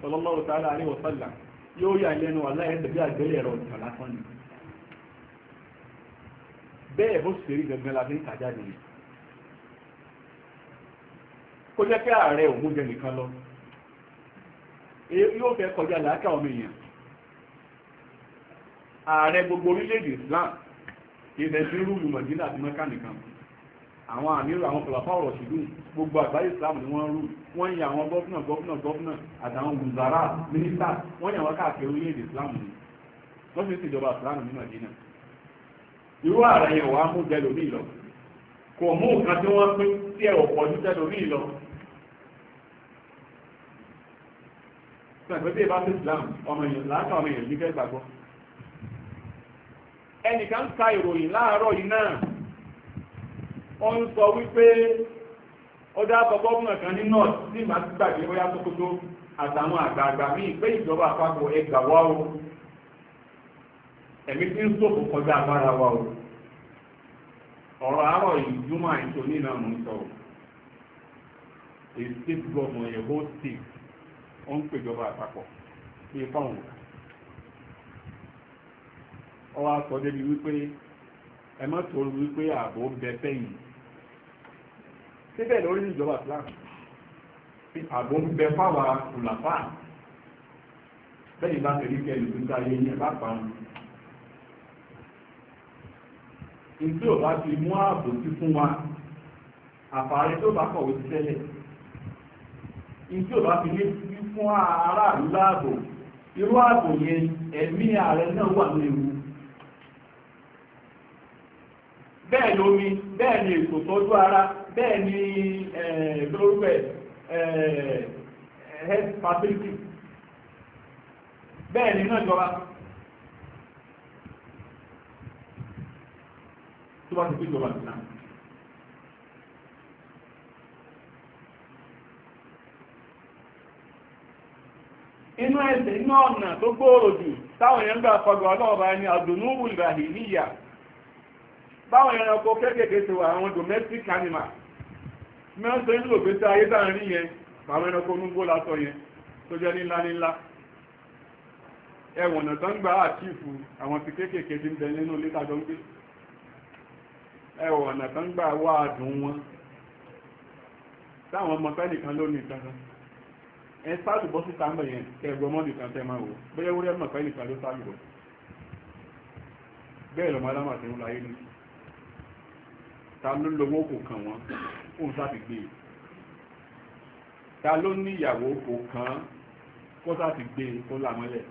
sallallahu alaihi wasallam yóò yà lẹ́nu bí ẹ̀rọ ni bẹ́ẹ̀ bó rí la fi ń kàjá ààrẹ gbogbo orílẹ̀-èdè Islam ìṣẹ̀ sí rúlù mọ̀dínà àti mẹ́kà nìkan àwọn àmírò àwọn pẹ̀lọ́fà ọ̀rọ̀ ṣìlú gbogbo àgbáyé Islam ni wọ́n rú wọ́n yà àwọn gọ́fúnà gọ́fúnà gọ́fúnà àtàwọn wùzàrà mínísítà wọ́n yà wọ́n káàkiri orílẹ̀-èdè Islam ni wọ́n fi ń Islam ní Mọ̀dínà irú ààrẹ yẹn wàá mú jẹ lómi lọ kò mú nǹkan tí wọ́n pín sí ẹ̀rọ pọ̀ jù jẹ lómi lọ sọ̀rọ̀ Islam ọmọ èèyàn láàkà ọmọ èèyàn ní fẹ́ ẹnìkan ka ìròyìn láàárọ̀ yìí náà ó ń sọ wípé ó dábọ̀ gọ́ọ̀mù kan ní north ní màsígbàgbé bóyá Sókótó àtàwọn àgbààgbà míì pé ìjọba àpapọ̀ ẹgbà wá o ẹ̀mí tí ń sòfò kọjá agbára wa o ọ̀rọ̀ àárọ̀ yìí júmọ̀ àìsò nínú àmọ́ ń sọ a state government a whole state ó ń pèjọba àpapọ̀ bí fáwọn òkà ọwọ́ sọ débi wípé ẹ má tó wípé ààbò ń bẹ fẹ́yìn síbẹ̀ lórí ìjọba Islam ààbò ń bẹ fáwa kùlàfà bẹ́ẹ̀ bá tẹ̀lé kẹlù tó ń ta ayé yẹn bá parun ìdí ò bá ti mú ààbò sí fún wa àfààrí tó bá kọ̀wé sí tẹ́lẹ̀ ìdí ò bá ti lé fún aráàlú láàbò irú ààbò yẹn ẹ̀mí ààrẹ náà wà ní ewu bẹ́ẹ̀ lómi bẹ́ẹ̀ ni ètò tọ́jú ara bẹ́ẹ̀ ni lórúkọ health facility bẹ́ẹ̀ ni náà jọba tó bá ti pín jọba nìkan. inú ẹ̀sẹ̀ inú ọ̀nà tó gbòòrò jù táwọn èèyàn gbà fọgbà ọlọ́ọ̀bá ẹni àdùnnú wùlbàhì níyà báwọn ẹranko kéékèèké ti wà àwọn domestic animal mẹ́wọ́n tó ń lò pé tí ayé tá à ń rí yẹn àwọn ẹranko onúgbó lásọ yẹn tó jẹ́ nílá nílá ẹwọ̀n náà tó ń gba àtìfù àwọn ti kéékèèké ti ń bẹ nínú ilé tàjọ ń gbé ẹwọ̀n náà tó ń gba wá àdùn wọn táwọn ọmọ fẹ́ nìkan ló ní ìtàn ẹ sálùbọ́ síta mọ̀ yẹn kẹgbọ́n mọ́ nìkan tẹ máa wò bóyá wúrẹ́ mọ̀ fẹ́ nìkan ló sálùbọ́ bẹ́ẹ̀ lọ́mọ alámọ̀ àti ńlá ayé nìkan ta ló lówó kò kàn wọ́n kó ń sáfi gbé ta ló ní ìyàwó kò kàn kó sáfi gbé kó làmọ́lẹ̀.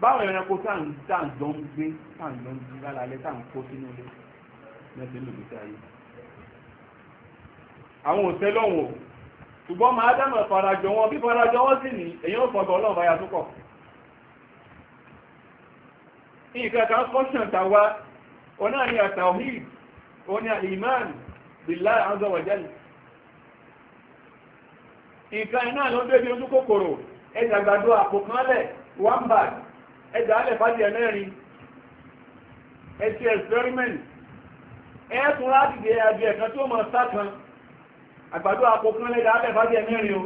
báwọn ẹranko tá ń jọ ń gbé tá ń jọ ń gbé lálálẹ́ tá ń kó sínú ilé mẹ́sẹ̀ ń lòdì sí ayé àwọn òṣèlú ọ̀hún ṣùgbọ́n máa dámọ̀ farajọ wọn bí farajọ wọn sì ní èyí ń fọgbọ́ ọlọ́run báyà tó pọ̀ nǹkan kan kọ́sàn tàwa ọ̀nà ni àtàwíd ọ̀nà al-iman billahi azza wa jalla iná ló bẹ́bí ojú kòkòrò ẹjà àgbàdo àpò kanlẹ̀ ẹjà alẹ̀ fàájì ẹlẹ́rin experiment ẹ̀ẹ́kùn láti dé àjọ ẹ̀kan tó mọ̀ sákan àgbàdo àpò ẹjà fàájì ẹlẹ́rin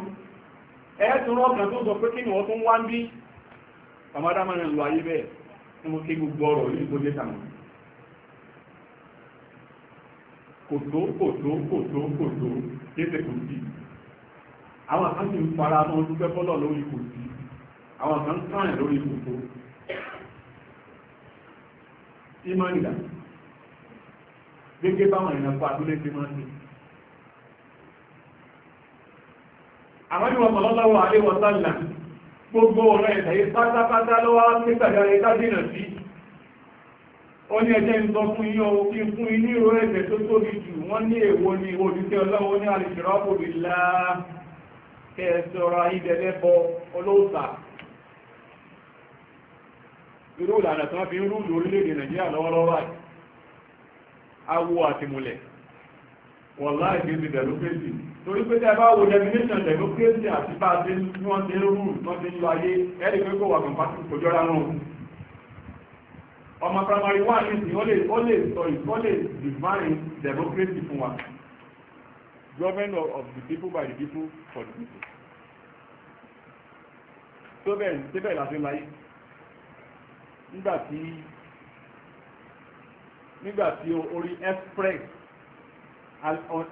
o tí mo ké gbogbo ọ̀rọ̀ yìí tó dé tàmù kòtó kòtó kòtó kòtó kéde kò sí àwọn kan sì ń fara mọ́ dúpẹ́ bọ́lọ̀ lórí kò sí àwọn kan kàn lórí kòtó Imanila, gẹ́gẹ́ báwọn ìrìnàkó abúlé ti máa ń àwọn ìwọ̀n mọ̀lọ́lọ́wọ́ àríwọ̀ gbogbo ọ̀rọ̀ ẹ̀tẹ̀ pátápátá ló wá pẹ́sàdáre tábìnà sí ó ní ẹjẹ́ ń sọ fún yíò kí fún iní ìró ẹ̀tẹ̀ tó tóbi jù wọ́n ní èwo ni òdíṣẹ́ ọlọ́wọ́ ní alìṣirọ́pòdì torí pé tẹ́ bá wo definition democracy àti bá ṣe ní wọ́n ti ń rú wọ́n ti ń lọ ayé ẹ̀rì pé kò wà compatible kò jọra wọn ọmọ primary one ní ti ó lè sọ ó lè define democracy fún wa government of the people by the people for the people tó bẹ́ẹ̀ tó bẹ́ẹ̀ láti láyé nígbà tí nígbà tí orí express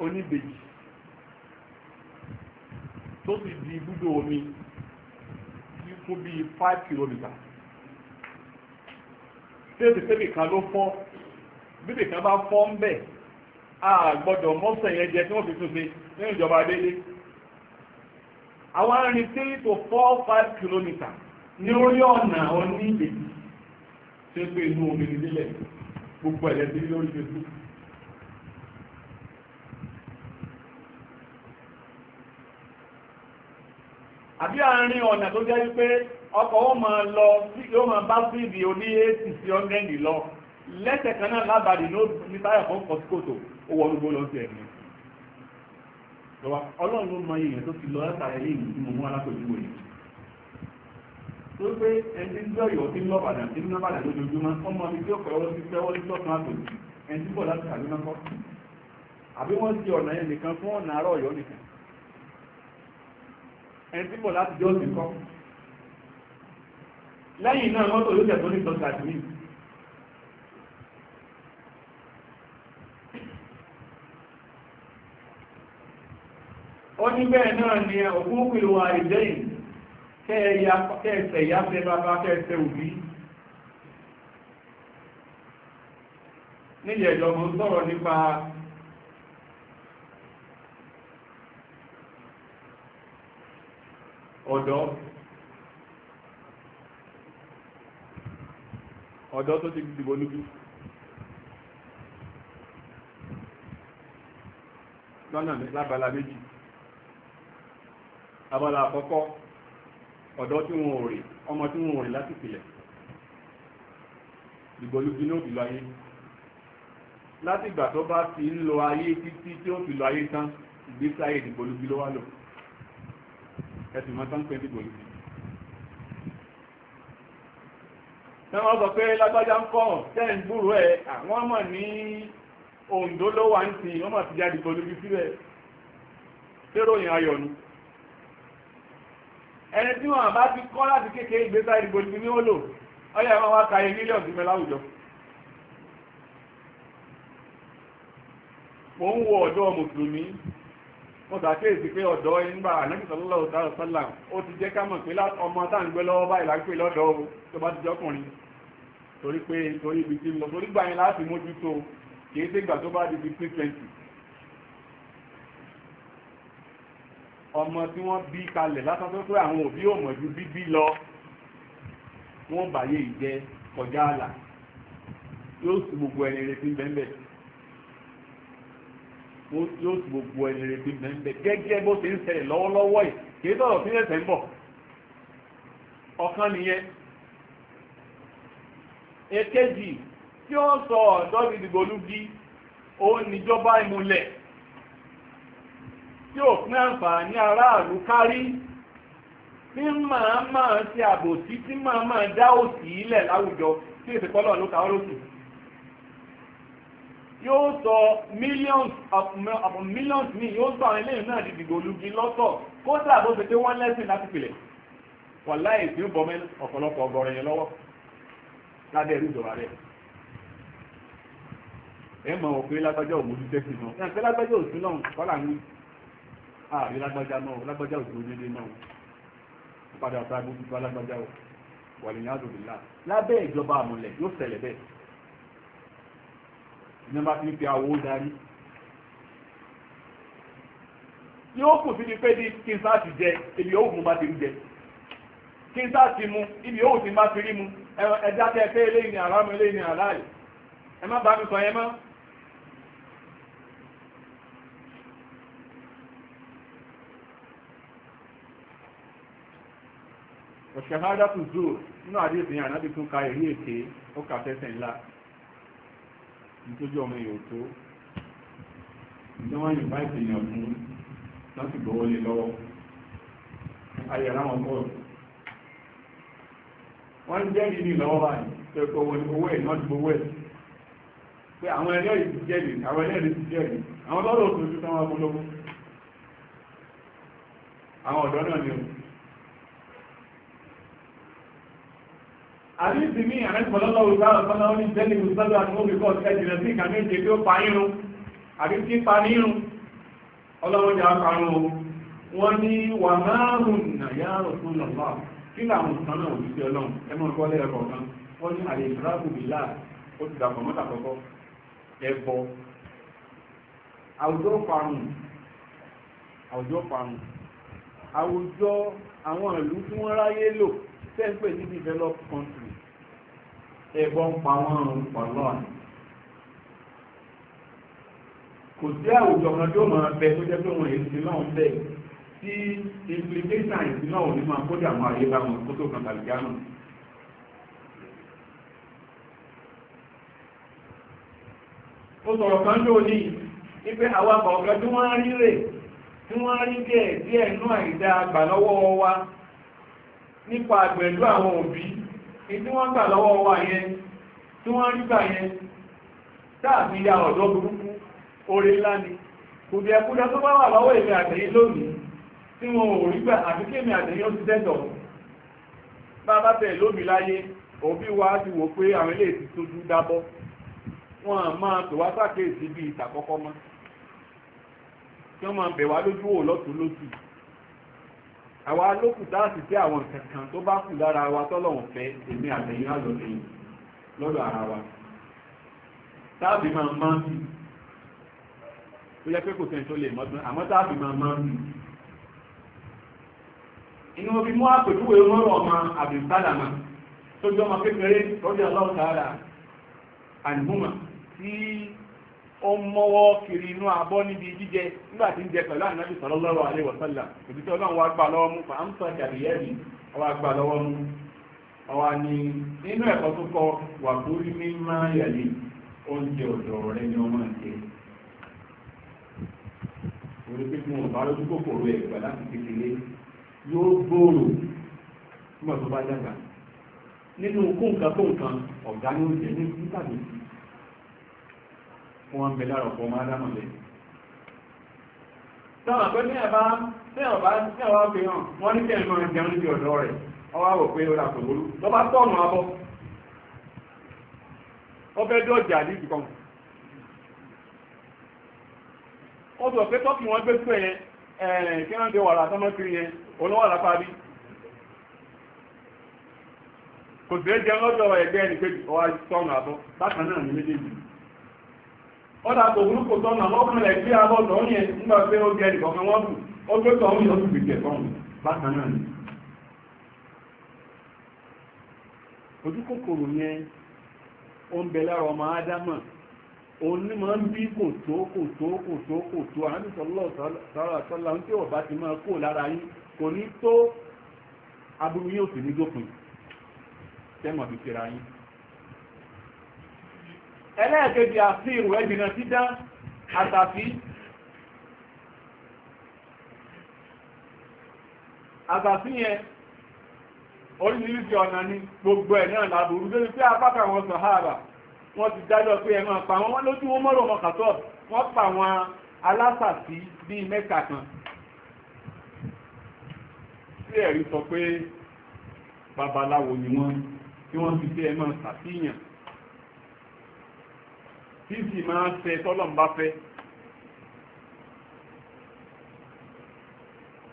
oníbejì tó sì di ibùdó omi tí fún bíi five kilometres tẹ́sí tẹ́bì kan ló fọ́ bíbì kan bá fọ́ ń bẹ̀ a gbọ́dọ̀ mọ́sẹ̀ yẹn jẹ tí wọ́n fi tún ṣe nínú ìjọba délé àwọn arìnrìn three to four five kilometres ní orí ọ̀nà oníbèjì tí ó pé inú omi nílẹ̀ gbogbo ẹ̀lẹ́sìn lórí Facebook àbí àárín ọ̀nà tó jẹ́ wípé ọkọ̀ ó máa lọ tí ó máa bá fíìdì oní 80 sí 100 lọ lẹ́sẹ̀ kan náà lábàdì ní táyà fún kọ̀síkòtò ó wọ gbogbo lọ sí ẹ̀mí ọlọ́run ló mọ èèyàn tó fi lọ látàrí èyí tí mo mú alákòjúwò yìí tó pé ẹni tí ọ̀yọ́ tí ń lọ bàdàn tí ń lọ bàdàn lójoojúmọ́ ọmọ mi tí ó pẹ̀wọ́ sí pẹ́wọ́ sí lọ́kàn àtòjì ẹni tí bọ̀ láti àbí wọ́n ti ọ̀nà ẹnìkan fún ọ̀nà àárọ̀ ọ̀yọ́ nìkan ẹni tí bọ̀ láti jọ́ sí kọ́ lẹ́yìn náà mọ́tò ló tẹ̀ tó ní ìtọ́jú àti mí ó ní bẹ́ẹ̀ náà ni òkú pìlú wa ìdẹ́yìn kẹ́ẹ̀sẹ̀ ìyá fẹ́ bàbá kẹ́ẹ̀sẹ̀ òbí nílẹ̀ ìjọba sọ̀rọ̀ nípa ọ̀dọ́ ọ̀dọ́ tó ti dìbò níbi lọ́nà lábala méjì abala àkọ́kọ́ ọ̀dọ́ tí wọ́n ò rí ọmọ tí wọ́n ò rí láti pìlẹ̀ ìgbòlúgbí ní òbìlọ ayé láti ìgbà tó bá ti ń lo ayé títí tí ó fi lo ayé tán ìgbésí ayé ìgbòlúgbí ló wá lò ẹ̀sìn mọ́tán pé dìbò yìí tẹ́wọ́n sọ pé lágbájá ń kọ́ tẹ́ ń ẹ̀ àwọn ọmọ ní Oǹdó ló wà ń tì wọ́n mọ̀ sí jáde bolúbi síbẹ̀ tẹ́ròyìn ẹni tí wọ́n bá ti kọ́ láti kékeré ìdìbò ní ó lò wá mẹ́lá àwùjọ mo ń wo ọ̀dọ́ mùsùlùmí wọ́n sàkéèsì pé ọ̀dọ́ nígbà anábìsọ̀lọ́lọ́ ọ̀sálà ó ti jẹ́ ká mọ̀ pé ọmọ táà ń gbé lọ́wọ́ báyìí láńpé lọ́dọ̀ o tó bá ti jọkùnrin torí pé torí ibi tí ń lọ torí gbà láti mójútó kìí sí ìgbà tó bá di fifteen twenty ọmọ tí wọ́n bí kalẹ̀ lásán tó pé àwọn òbí ò mọ̀ ju bíbí lọ wọ́n bàyè ìjẹ yóò tún gbogbo ẹni rẹ̀ bí mẹ́ńbẹ́ gẹ́gẹ́ bó ṣe ń o lọ́wọ́lọ́wọ́ yìí kì í sọ̀rọ̀ sílẹ̀ tẹ̀ ń bọ̀ ọ̀kan nìyẹn èkejì tí ó sọ ọ̀dọ́ ìdìbò lúgi òun níjọba ìmúlẹ̀ tí ó pín àǹfààní aráàlú kárí tí màá máa ṣe àbòsí tí màá máa dá òsì ilẹ̀ láwùjọ tí ló yóò sọ millions upon millions ní yóò sọ àwọn eléyìí náà di dìgbò olùgbé lọ́tọ̀ kódà bó ṣe pé wọ́n lẹ́sìn láti pìlẹ̀ wà láì tí ó bọ́ mẹ́ ọ̀pọ̀lọpọ̀ ọgọ́rin yẹn lọ́wọ́ lábẹ́ ìlú ìjọba rẹ̀ ẹ mọ̀ wọ̀ pé lágbájá òmójú tẹ́sì náà ẹ̀ pé lágbájá òsín náà kọ́là ń ààrí lágbájá náà lágbájá òsín onílé náà padà ọ̀tá gbogbo lágbájá wà lè yàn áàdùn lábẹ́ ìjọba àmọ̀lẹ̀ yóò ṣẹlẹ̀ bẹ́ẹ̀ ní wọ́n bá fi ń fi àwọ̀ darí yóò kù sí ní pé ní kí n sáà ti jẹ ibi yóò mú bá ti ń jẹ kí n sáà ti mu ibi yóò ti bá ti rí mu ẹja tẹ pé eléyìí ni àrámù eléyìí ni àláàlì ẹ má bá mi sọ yẹn mọ́ ọ̀ṣẹ̀hádà tó zòó nínú àdéhùn ànábì tún ka èrí èké ó kà fẹ́sẹ̀ ńlá nítorí ọmọ èèyàn tó ìjọba yóò bá ìpènyàn fún láti gbọ́wọ́ lé lọ́wọ́ ayẹ̀rá wọn bọ̀ wọ́n ń jẹ́rìí ní ìlọ́wọ́ báyìí pẹ̀lú owó ẹ̀ náà gbowó ẹ̀ pé àwọn ẹlẹ́rìí ti jẹ́rìí àwọn ẹlẹ́rìí ti jẹ́rìí àwọn lọ́rọ̀ òṣèlú àwọn ọ̀dọ́ náà ni àdíjì ní àrẹ́sọ̀lọ́lọ́ òṣàrọ̀ sọ́nà ó ní jẹ́lì ìrùsọ́lọ́ àti òbíkọ́ ẹ̀jìnà sí ìkà méje tí ó pa irun àbí tí pa ní irun ọlọ́run jà parun wọn ní wà márùn nàyà òṣùn lọ́wọ́ kí làwọn òṣùn náà òbí sí ọlọ́run ẹmọ ìkọ́ lẹ́yọ kọ̀ọ̀kan wọ́n ní àlè ìṣúráàbù bìlà ó ti dàpọ̀ mọ́ta kọ́kọ́ ẹbọ àwùjọ parun àwùjọ parun àwùjọ àwọn ìlú tí wọ́n ráyé lò tẹ́ǹpẹ̀ ní developed country ẹ̀bọn pa wọ́n rún pọ̀ lọ́ọ̀nì kò sí àwùjọ kan tí máa bẹ tó jẹ́ pé wọ́n èyí náà ń bẹ̀ tí implication ìsìn náà ò ní máa kó ayé bá wọn kan tàbí ó sọ̀rọ̀ kan ní tí wọ́n rí rè tí wọ́n rí díẹ̀ díẹ̀ nú àìdá wa nípa àgbẹ̀lú àwọn òbí tí wọ́n gbà lọ́wọ́ wa yẹn tí wọ́n rí gbà yẹn táàbí ya ọ̀dọ́ burúkú orí ńlá ni kò bí ẹkúdá tó bá wà lọ́wọ́ èmi àtẹ̀yìn lónìí tí wọn ò rí gbà àbí kí èmi àtẹ̀yìn ó ti dẹ́tọ̀ bàbá bẹ̀ lómi láyé òbí wa ti wò pé àwọn ilé ti tójú dábọ́ wọn à máa pè wá sákèèsí bíi ìtàkọ́kọ́ mọ́ àwa lókù táàsì sí àwọn kankan tó bá kù lára wa tọ́lọ̀wọ̀n fẹ́ èmi àtẹ̀yìn àlọ́lẹ́yìn lọ́dọ̀ ara wa táàbì máa máa ń bì tó yẹ pé kò sẹ́ni tó lè mọ́tún àmọ́ táàbì máa máa ń bì inú omi mú àpèjúwe mọ́rọ̀ ọmọ àbìsálàmà tó jọ ọmọ kékeré lọ́dọ̀ ọlọ́ọ̀tà àdìmúmà tí ó ń kiri inú a níbi jíjẹ nígbà tí ń jẹ pẹ̀lú ànábì sallallahu alaihi wasallam ọlọ́run wa gbà lọ́wọ́ mú fà á ń sọ ìdàbíyẹ́bì ọwọ́ gbà lọ́wọ́ mú ni nínú ẹ̀kọ́ tó kọ wà lórí mímá oúnjẹ ọ̀dọ̀ rẹ ni ọmọ ìjẹ orí lójú kòkòrò kékeré yóò gbòòrò nígbà tó bá nínú wọ́n ń bẹ lára ọ̀pọ̀ ọmọ adámọ̀ lẹ́ sọ́nà pé ní ẹ̀bá tí ọ̀bá tí ọwá fi hàn wọ́n ní kẹ́ ìmọ̀ ìjẹun níbi ọ̀dọ́ rẹ̀ ọwá wò pé ó dàpọ̀ lórú lọ bá tọ́ọ̀nù abọ́ ó fẹ́ dọ́jà ní ìdìkan ó sọ pé tọ́kì wọn gbé kí wọ́n wàrà yẹn kò sí lọ́dọ̀ ọwá ọ́dà tó burúkú tọ́ nà lọ́kùnrin rẹ̀ gbé abọ́dọ̀ yẹn nígbà pé ó gẹ̀rì kọ̀ọ̀kan wọ́n kù ó gbé tọ́ òun yóò fi gbèjẹ̀ tọ́ bákan náà ni ojú kòkòrò yẹn ó ń bẹ lára ọmọ ádámà òun ní máa ń bí kò tó kò tó kò tó kò tó àánú sọlọ́ sọlọ́ sọlọ́ ń tí ọ̀bá ti máa kó lára yín kò ní tó aburú yóò sì ní dópin tẹ́mọ̀ fi kira yín ẹlẹ́ẹ̀kejì àfíìrù ẹgbìnà títà àtàfí àtàfí yẹn oríṣiríṣi ọ̀nà ni gbogbo ẹ̀ náà làbùrú lórí pé apákà wọn sọ̀háàbà wọ́n ti dájọ́ pé ẹ̀mọ́ pa wọn wọ́n lójú mọ́rọ̀ ọmọ kàtọ́ wọ́n pa wọn alásàtí bíi mẹ́ta kan sí ẹ̀rí sọ pé babaláwo ni wọ́n tí wọ́n fi sí ẹ̀mọ́ tí sì máa ń fẹ́ tọ́lọ̀ ń bá fẹ́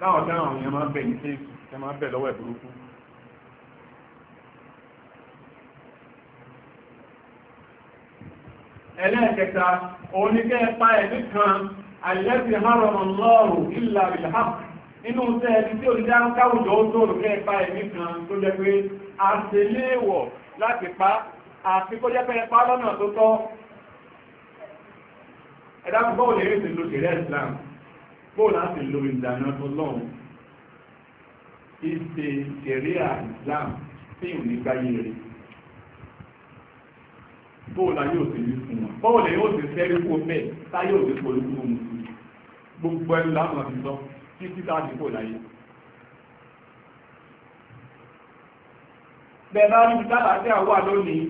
láwọn dáhùn àwọn èèyàn máa ń bẹ̀ ní kéèsù ẹ máa ń bẹ̀ lọ́wọ́ ẹ̀ burúkú ẹlẹ́ẹ̀kẹta oníkẹ́ pa ẹ̀mí kan àlẹ́bí harọ̀mọ̀ lọ́rù ìlà ìlhàp nínú tẹ́ ẹni tí òdídá ń káwùjọ ó tóòrù kẹ́ pa ẹ̀mí kan tó jẹ́ pé a ṣe léèwọ̀ láti pa àfikójẹ́pẹ́ pa lọ́nà tó tọ́ ẹ̀dá bọ́ọ̀ lè rèsì lo ṣẹ̀rẹ́ Islam bọ́ọ̀ láti lo ìlànà Ọlọ́run ìṣe ṣẹ̀ríà Islam tí ò ní gbáyé rẹ̀ bọ́ọ̀ la yóò ṣe ní fún wọn bọ́ọ̀ lè yóò ṣe fẹ́rí kó bẹ́ẹ̀ tá yóò ṣe polúkú mu gbogbo ẹnu láwọn ti sọ títí tá a ti kó láyé bẹ́ẹ̀ bá rí ìtàlá tí a wà lónìí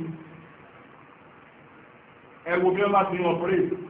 ẹ̀wò bí wọ́n bá ti ń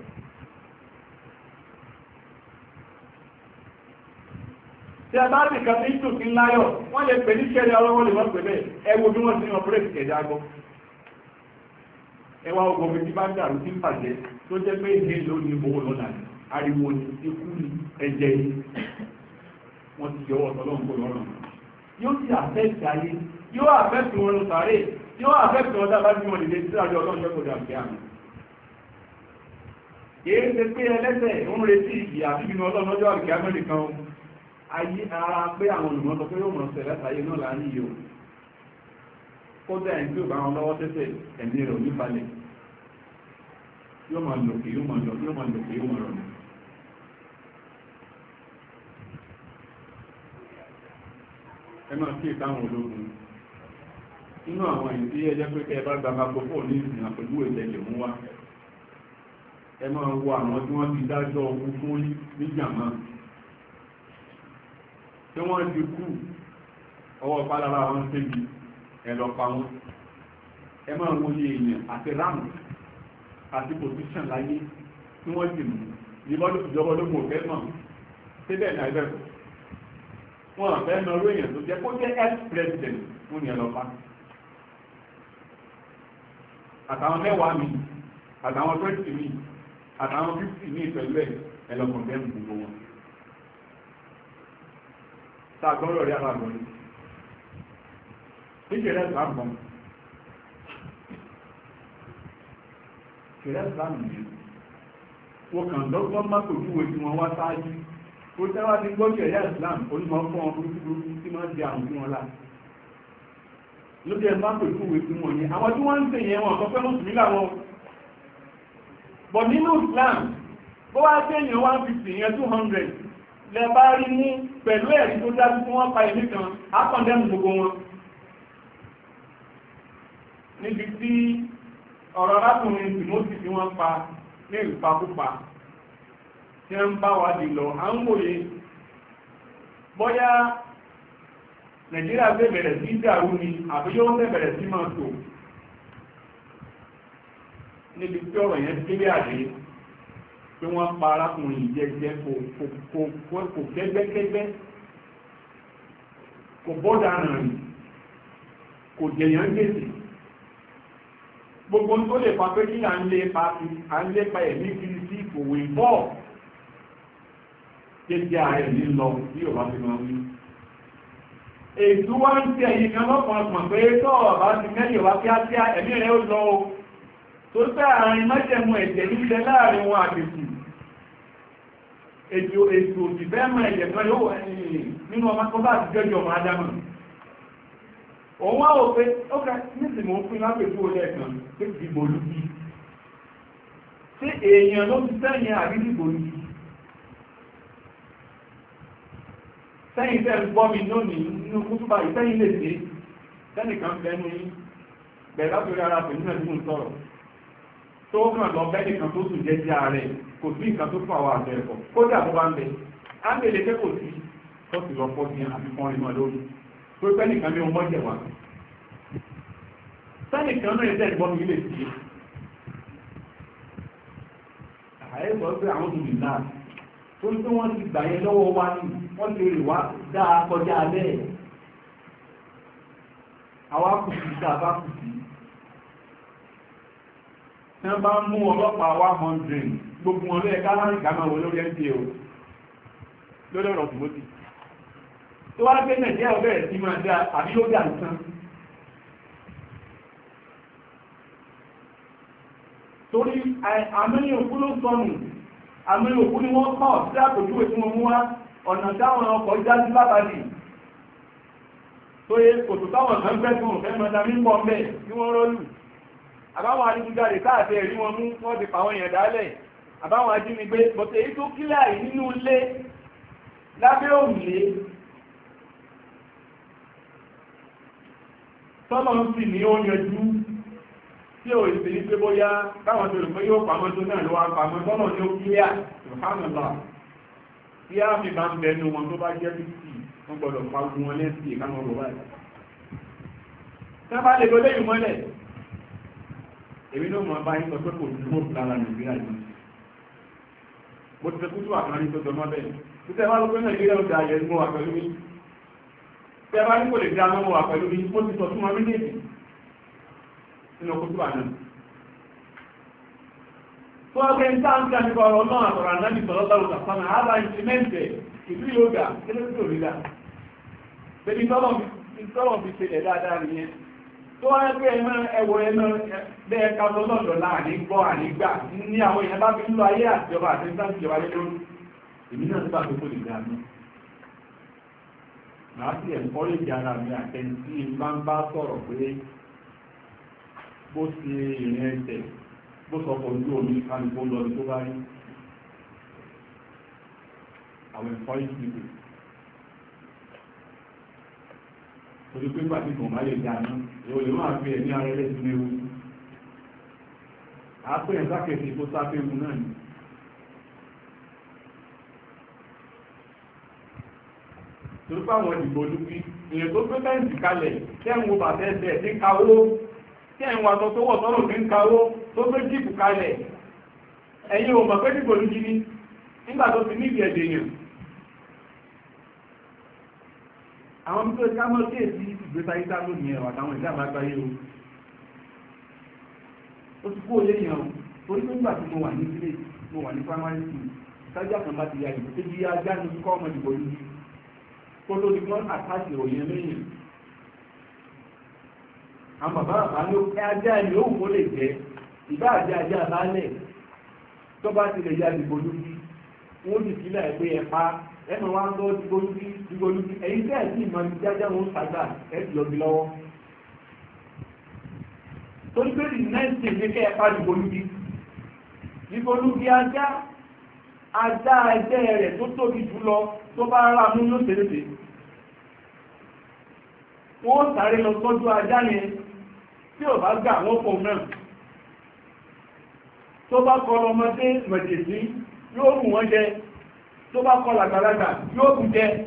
tí a bá rí nǹkan tí ń dùn sí láyọ̀ wọ́n lè pè ní ṣẹ́rẹ́ ọlọ́wọ́ lè wọ́n pè bẹ́ẹ̀ ẹ wo bí wọ́n ti ń ọpẹ́rẹ́ ìkẹ̀dá gbọ́ ẹ wá ogun omi tí bá ń dàrú sí ń bàjẹ́ tó jẹ́ pé ìdí ló ní owó lọ́nà ni ariwo ni ikú ni ẹ̀jẹ̀ ni wọ́n ti yọ ọ̀sán lọ́n kó lọ́rùn yóò ti àfẹ́ẹ̀tì ayé yóò àfẹ́ẹ̀tì wọn lọ sàárè yóò àfẹ́ẹ̀tì wọn dábàá bí wọn lè sí àjọ ọlọ́run yóò kó dàbí àmì kì í ṣe pé ẹlẹ́sẹ̀ ń retí ìyà bíbí ọlọ́run lọ́jọ́ àbíkí amẹ́ríkan ayé ara pé àwọn olùmọ̀ sọ pé yóò mọ̀ sẹ̀ látàyé náà láàrin yìí o kódà ẹni tí ó bá wọn lọ́wọ́ tẹ́tẹ̀ ẹ̀mí rẹ̀ ní balẹ̀ yóò máa lòkè yóò máa lòkè yóò máa lòkè yóò máa rọrùn ẹ máa kí ìtàwọn ológun inú àwọn èyí tí ẹjẹ́ pé kẹ́ bá gbàgbà gbogbo ní ìsìn àpẹ̀lú ìtẹ̀lẹ̀ mú wá ẹ máa wo àwọn tí wọ́n ti kú ọwọ́ pálára wọn tẹ́bi ẹ̀lọ́pa wọn ẹ máa wo ní èèyàn àti ráàmù àti pòsíṣàn láyé tí wọ́n ti mú ìbọ́dọ̀ ìjọba ló mú ọ̀fẹ́ mọ̀ síbẹ̀ náà ẹgbẹ́ kù wọn àfẹ́ mọ orí èèyàn tó jẹ́ kó jẹ́ ex president fún ní ẹlọ́pa àtàwọn mẹ́wàá mi àtàwọn twenty mi àtàwọn fifty mi pẹ̀lú ẹ̀ ẹlọ́kùnrin bẹ́ẹ̀ gbogbo wọn sàgbọ́rọ̀ rí àwọn àgbọ̀n ní ṣẹlẹ̀ ìsàmù ṣẹlẹ̀ ìsàmù yìí wọ́n kàn lọ́gbọ́n mọ́kò júwe tí wọ́n wá sáájú ó tẹ́wà ti gbọ́ ṣẹlẹ̀ ìsàmù onímọ̀ fún ọmọ burúkú tí máa ń lá lóde ẹ̀ mọ́kò júwe tí wọ́n ní àwọn tí wọ́n ń sèyẹn wọn kọ́ fẹ́ mùsùlùmí làwọn bọ̀ nínú Islam bó wá ṣe èèyàn one fifty yẹn two hundred lẹ bá rí ní pẹ̀lú ẹ̀rí tó dájú tí wọ́n pa ìlú kan ápọ̀ndẹ́mù gbogbo wọn níbi tí ọ̀rọ̀ arákùnrin Timothy tí wọ́n pa ní ìpakúpa tí ń bá wa dì lọ à ń wòye bóyá Nàìjíríà fẹ́ bẹ̀rẹ̀ sí dàrú ni àbí yóò fẹ́ bẹ̀rẹ̀ sí máa tò níbi tí ọ̀rọ̀ yẹn délé àdéhùn pé wọ́n pa arákùnrin jẹjẹ kò kẹ́gbẹ́kẹ́gbẹ́ kò bọ́dà rìn kò jẹyàn gbèsè gbogbo tó lè fa pé kí à ń lépa à ń lépa ẹ̀mí kiri sí ìkòwò ìbọ̀ jẹjẹ ààrẹ ní lọ bí ò bá fi máa wí èdú wá ń tẹ ẹ̀yìn kan lọ́pọ̀ ọ̀pọ̀ pé tọ́ọ̀ bá ti mẹ́yìn wá kíákíá ẹ̀mí rẹ̀ ó lọ tó pé àárín mẹ́jẹ̀mú ẹ̀jẹ̀ nílẹ̀ láàrin wọn àgbèsì ètò ètò òsì bẹ́ẹ̀ mọ̀ ẹ̀jẹ̀ kan yóò nínú ọmọ kan bá jẹ́jọ ọmọ adámọ̀ òun wá wò pé ó ká nísìn mò ń pín lápèjú olè kan pé dìbò lùbí ṣé èèyàn ló ti sẹ́yìn àbí dìbò lùbí sẹ́yìn tẹ́ ń gbọ́ mi lónìí nínú kútúbà ìsẹ́yìn lè dé sẹ́nìkan bẹnu yín bẹ̀rẹ̀ láti rí ara pẹ̀lú náà nínú sọ̀rọ̀ tó kàn lọ bẹ́ẹ̀ nìkan tó sùn jẹ́jẹ́ ààrẹ kò sí nǹkan tó fún àwọn àgbẹ̀ ẹ̀kọ́ kódà tó bá ń bẹ ábèlè pé kò sí tó sì lọ fọ́ sí àfikún rìn náà lórí tó pẹ́ nìkan ní ọmọ jẹ̀ wá. sẹ́nìkan náà ẹ̀dẹ́ ìgbọ́n mi lè sí. àyẹ̀sọ̀ pé àwọn tó lè náà tó ń tó wọ́n ti gbà yẹn lọ́wọ́ wa ni wọ́n ti rè wá dáa kọjá bẹ́ẹ̀. àwa kù tí wọ́n bá mú ọlọ́pàá 100 gbogbo ọlọ́ ẹ̀ká láti gàmà wọ lórí npa o lórí ọ̀rọ̀ tìmọ́tì tó wá gbé nàìjíríà ọbẹ̀ tí máa dá àbí ó dà nǹkan torí àmẹ́yìn òkú ló sọnù àmẹ́yìn òkú ni wọ́n pọ̀ sí àpòjúwe tí wọ́n mú wá ọ̀nà táwọn ọkọ̀ jáde lábàdì tó yẹ kòtò táwọn kan gbẹ́sùn ọ̀fẹ́ mọ́ta mímọ́ mẹ́ tí wọ́n rọ́lù àbáwọn adigunjalè káàtẹ ẹ̀rí wọn mú wọ́n ti pàwọn èèyàn dálẹ̀ àbáwọn ajínigbé bọ̀tẹ̀ èyí tó kíláàrí nínú ilé lábẹ́ òmìnlé tọ́lọ̀ ń sì ní ó yanjú tí ò ìsì ní pé bóyá káwọn tó rùn pé yóò pàmọ́ tó náà ló wá pàmọ́ tọ́lọ̀ ní ó kílíà ìhánàlá tí á mi bá ń bẹnu wọn tó bá jẹ́ bíkì wọ́n gbọ́dọ̀ pa ogun wọn lẹ́sì ìkánà ọ̀rọ̀ báyìí èmi náà mọ̀ bá yín sọ pé kò ní mọ̀ lára nàìjíríà yìí mo ti fẹ́ kútù àkàrí tó jọmọ́ bẹ́ẹ̀ títẹ́ wá lópin nàìjíríà ó da ayẹ mọ́ wà pẹ̀lú mi tí a bá ní kò lè dá mọ́ wà pẹ̀lú mi mo ti sọ fún wọn méjèèjì nínú kútù àná tó ọgbẹ́ ń tá ń ká nípa ọ̀rọ̀ náà àtọ̀rọ̀ àná ní sọ̀rọ̀ báwo sàfánà á bá ìṣẹ́mẹ́ǹtẹ̀ ìlú yóò gà kí ló tó rí la tó wá ń pé ẹmọ ẹwọ ẹmọ bẹ́ẹ̀ ká lọ lọ́dọ̀ láàrin gbọ́ àrígbà ní àwọn èèyàn bá fi ń lọ ayé àtijọba àti sáàtìjọba lé lórí èmi náà nígbà tó kò lè dá mi màá sì ẹ̀kọ́lé ìjà ara mi àtẹni tí n bá ń bá sọ̀rọ̀ pé bó ṣe ìrìn ẹsẹ̀ bó sọ pọ̀ ojú omi kálukú lọ tó bá rí àwọn ẹ̀kọ́ ìṣègùn torí pé pàtí kò má lè dáná ìwò lè máa fi ẹ̀mí ara ẹlẹ́sìn léwu àápẹ́ ẹ̀ sákẹ̀sì tó sáfẹ́wu náà ni torí páwọn ìdìbò olúkí ìyẹn tó gbé fẹ́ǹsì kalẹ̀ tẹ́ǹwó bàtẹ́ ẹsẹ̀ tí ń kawó tẹ́ǹwó aṣọ tó wọ̀ sọ́rùn tí ń kawó tó gbé jíìpù kalẹ̀ ẹ̀yin ò mọ̀ pé dìbò olúkí ni nígbà tó ti níbi ẹ̀dẹ̀yàn àwọn bí tó ká mọ́ sí èsì ìgbésà ìta lónìí ẹ̀wà àtàwọn ìjà bá gbáyé o ó ti kó olè yàn torí pé nígbà tí mo wà ní ilé mo wà ní primary school sájà kan bá ti ya ìbò tó di ajá ní kọ́ ọmọ ìbò yìí kó ló di wọ́n àtàkì ìròyìn lẹ́yìn àwọn bàbá bàbá ló kẹ́ ajá ẹni ó wò lè jẹ́ ìbá àjẹ́ ajá àbálẹ̀ tó bá ti lè ya ìbò lójú wọ́n ti sílẹ̀ pé ẹ pa ẹnu wa ń gbọ́ digolúbi digolúbi ẹ̀yin tẹ́ ẹ̀ sì mọ ibi jájá wọn ṣàgbà ẹ̀ sì lọ bí lọ́wọ́. torí pé nẹ́ẹ̀sì ní kẹ́ ẹ pa digolúbi digolúbi ajá ajá ẹgbẹ́ rẹ̀ tó tóbi jù lọ tó bá rà mú yóò tẹ̀lé wọ́n sáré lọ tọ́jú ajá yẹn tí ò bá gbà wọ́n fò náà tó bá kọ́ ọmọdé mọ̀jèsí yóò mú wọn jẹ tó bá kọ́ làgbàlagbà yóò tún jẹ́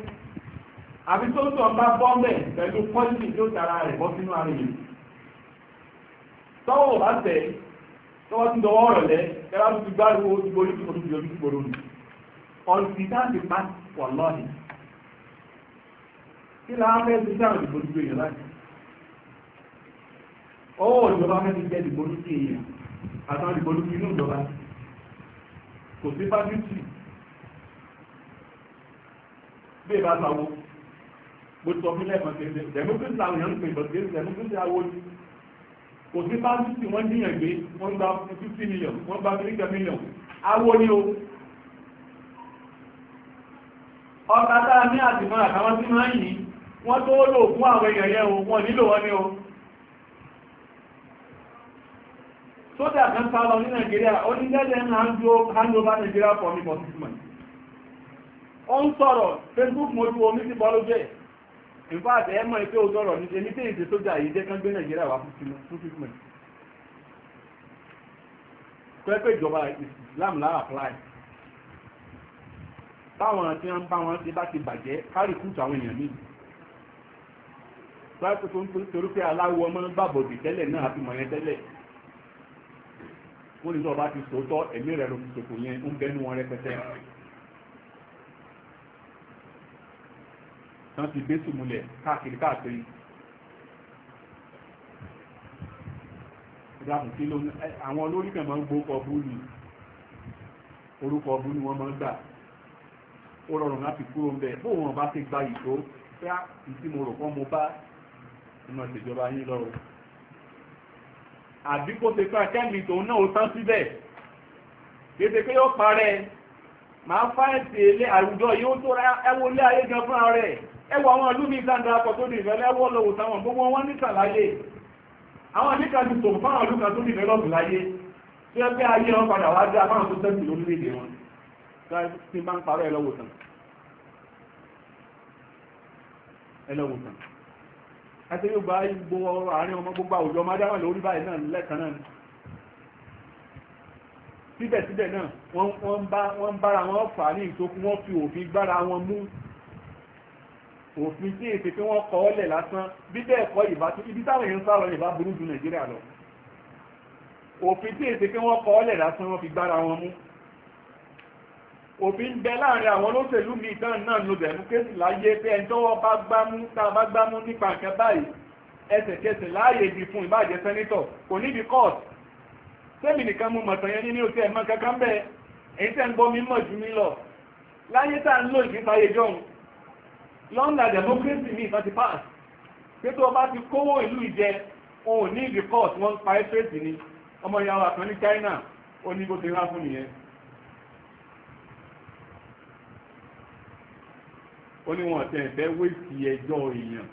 àbí tó ń tọ̀ bá bọ́m̀bẹ̀ pẹ̀lú pọ́lìsì yóò tara rẹ̀ bọ́ sínú ara yìí tọ́wọ́ bá tẹ̀ tọ́wọ́ tún dọwọ́ ọ̀rọ̀ lẹ́ ẹ̀rọ tún ti gbárùkù ó ti borí tí mo tún di ojú gbòòrò nù ọ̀sì táàbì bá wọ̀ lọ́ọ̀nì kí la á fẹ́ ti sáà ìdìbò lójú èèyàn láti ọwọ́ ìjọba fẹ́ ti jẹ́ ìdìbò lójú èèyàn àtàwọn ìdìbò lójú inú ìjọba kò sí fájú tì bí ìbá sáwó mo sọ fún lẹ́ẹ̀kan tẹ̀lé democracy àwọn èèyàn ń pè bọ̀dé democracy àwọn ni kò sí báńkì tí wọ́n díyàn gbé wọ́n gba fifty million wọ́n gba three hundred million àwọn ni o ọ̀tá tá a ní àtìmọ́ àtàwọn tí máa ń yìí wọ́n tó lò fún àwọn èèyàn yẹn o wọ́n nílò wọn ni o sódà kan sá lọ ní nàìjíríà ó ní lẹ́lẹ́ ń hand over nàìjíríà for me for six months ó ń sọ̀rọ̀ facebook mojú omi ti bọ́ lójú ẹ̀ in fact ẹ mọ̀ pé ó sọ̀rọ̀ ní ṣe ní tí ìṣe sójà yìí jẹ́ kán gbé nàìjíríà wá fún treatment pẹ́pẹ́ ìjọba islam lára apply táwọn tí wọ́n bá wọn ṣe bá ti bàjẹ́ kárí kúùtù àwọn èèyàn míì pẹ́pẹ́ tó ń torí pé aláwọ̀ ọmọ gbàbọ̀dì tẹ́lẹ̀ náà àti mọ̀yẹn tẹ́lẹ̀ wọ́n ní sọ bá ti sòótọ́ ẹ̀mí rẹ̀ ló fi ṣòfò yẹn ń bẹnu wọn rẹpẹtẹ tán ti gbé sùmúlẹ̀ káàkiri káàkiri ìdáhùn sí ló àwọn olórí kan máa ń gbó kọ búlù orúkọ búlù wọn máa ń gbà ó rọrùn láti kúrò ń bẹ bó wọn bá ti gba ìtó pé ìtí mo rò kán mo bá ìmọ̀ ìṣèjọba yín lọ́rùn àbí kó ṣe pé akẹ́mi tòun náà ó tán síbẹ̀ kéde pé yóò parẹ́ máa fáìsì ilé àwùjọ yóò tó ẹwọlé ayé gan fúnra rẹ̀ ẹwọ àwọn ìlú ní ìdáǹdà akọ̀ tó dì ìrẹ́lẹ́ ẹwọ́ lọ́wọ́ táwọn gbogbo wọn níta láyé àwọn àníkà ti tò fáwọn ìlú kan tó dì ìrẹ́lọ́pù láyé tí ó pé ayé wọn padà wá dá fáwọn tó tẹ́sì lórílẹ̀-èdè wọn tí bá ń parọ́ ẹlọ́wọ̀tàn ẹlọ́wọ̀tàn àti yóò bá gbogbo ọrọ̀ àárín ọmọ gbogbo àwùjọ máa dáwà lórí báyìí náà lẹ́ẹ̀kan náà síbẹ̀síbẹ̀ náà wọ́n bára wọn fà ní ìtókù wọ́n fi òfin gbára wọn mú òfin tí èsì pé wọ́n kọ́ ọ́lẹ̀ lásán bí bẹ́ẹ̀ kọ́ ìbá tí ibi táwọn èèyàn sáré ìbá burú ju nàìjíríà lọ òfin tí èsì pé wọ́n kọ́ ọ́lẹ̀ lásán wọ́n fi gbára wọn mú òfin bẹ láàrin àwọn olóṣèlú mi ìtàn náà ló bẹ̀rù kéèsì láyé pé ẹni tọ́wọ́ bá gbámú tá a bá gbámú nípa nǹkan báyìí ẹsẹ̀kẹsẹ̀ láàyè ibi fún ìbàjẹ́ sẹ́nítọ̀ kò níbi court sẹ́mi nìkan mú mọ̀tàn yẹn nínú òtí ẹ̀mọ́ kankan bẹ́ẹ̀ èyí tẹ́ ń gbọ́ mi mọ̀ jù mí lọ láyé tá à ń lò ìgbésí ayé jọ̀hún London democracy ní ìfẹ́ pass pé tó ti kówó ìlú ìjẹ òun ní ìdí court wọ́n pa ẹ́sẹ̀tì ni ọmọ ìyá wa ní China ó ní bó ti rá fún nìyẹn ó ní wọn tẹ̀ fẹ́ wéèsì ẹjọ́ èèyàn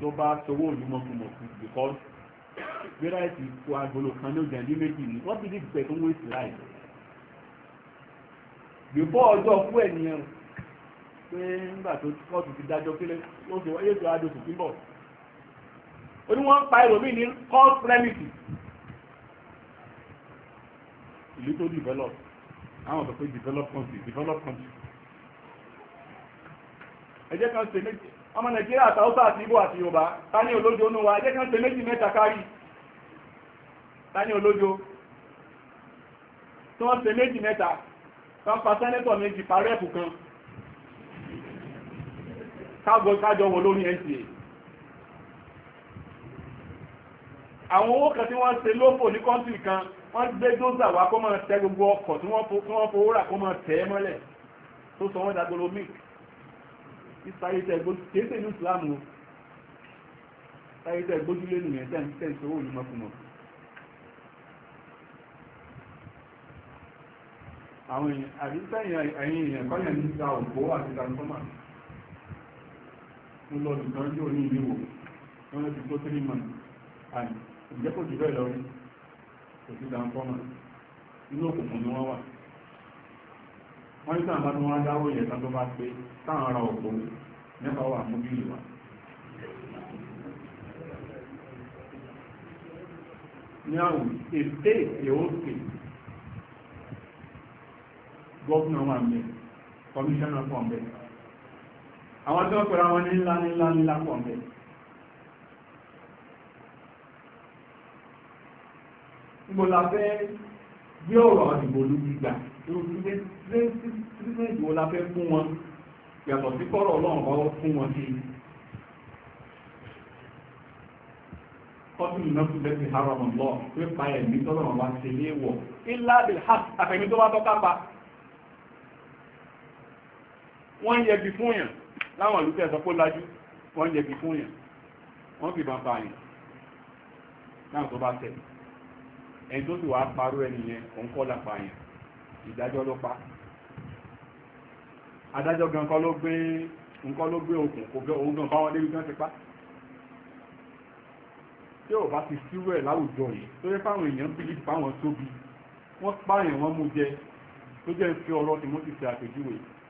tó bá sowó ìlú mọ̀kùmọ̀kù because gbéra ẹ̀sìn kó agolo kan ní ọjà ní méjì ní wọ́n fi dìgbẹ́ tó ń wéèsì láì before ọjọ́ fún ènìyàn pé nígbà tó kọ́ọ̀tù ti dájọ́ kílẹ̀ ó sì wáyé tó adóṣù tí ń bọ̀ ó ní wọ́n pa ẹlòmíì ní court premises ìlú tó develop àwọn sọ pé develop country develop country ẹ jẹ́ kan ṣe méjì ọmọ nàìjíríà àti haúsá àti ibo àti yorùbá ta ní olójo nù wa ẹ jẹ́ kan ṣe méjì mẹ́ta kárí ta ní olójo tí wọ́n ṣe méjì mẹ́ta kan pa sẹ́nẹ́tọ̀ méjì pa rẹ́ẹ̀pù kan kájọ wọ lórí NTA àwọn owó kan tí wọ́n ṣe lófò ní kọ́ńtì kan wọ́n gbé dózà wá kó máa tẹ gbogbo ọkọ̀ tí wọ́n fowó rà kó máa tẹ̀ ẹ́ mọ́lẹ̀ tó sọ wọ́n dàgbòrò mílk ìsáyé tẹ kéèsè ní ìsìlámù o sáyé tẹ gbójúlé nìyẹn tẹ́ ń tẹ́ àwọn èèyàn àbí ẹ̀yìn èèyàn kọ́yẹ̀ ní ìta òkú àti transformer mo lọ nìkan yóò ní ilé wò wọ́n lè ti tó tírí mọ̀ àì ìjẹ́ kò jù bẹ́ẹ̀ lọ rí kò sí dáa fọ́mà inú òkùnkùn ni wọ́n wà wọ́n ní sàmbá tí wọ́n dáwọ́ yẹn tán tó bá pé táwọn ara òkú nípa wà mú bí ìwà ní àwọn ètè èhókè gọ́ọ̀nà wà mẹ́ kọmíṣánná pọ̀ mẹ́ àwọn tó pẹ̀lú àwọn nílá nílá nílá pọ̀ mẹ́ ìgbòlà fẹ́ gbé ọ̀rọ̀ ìbò ló gbígbà tírísìmẹ́ntì wo la fẹ́ fún wọn yàtọ̀ sí kọ́rọ̀ ọlọ́run kọ́ fún wọn sí kọ́tùnù náà tún bẹ́ẹ̀ fi haram lọ pé pa ẹ̀mí tọ́lọ̀ wọn wá sí ilé wọ̀ ilá bil haq àfẹ̀mí tó bá tọ́ka pa wọ́n yẹ bí fún yàn láwọn ìlú tẹ́sọ pó lájú wọ́n jẹ́ bí fún yàn wọ́n fi bá pa yàn náà tó bá tẹ̀ ẹni tó sì wá parú ẹni yẹn òun kọ́ la pa yàn ìdájọ́ ló pa adájọ́ gan kọ́ ló gbé nǹkan ló gbé okùn kò gbé òun gan báwọn débi tí wọ́n ti pa tí ò bá ti sírú ẹ̀ láwùjọ yìí tó yẹ fáwọn èèyàn bílí fáwọn tóbi wọ́n pààyàn wọ́n mú jẹ tó jẹ́ fi ọ̀rọ̀ tìmọ́tì ṣe àpèjúwe yìí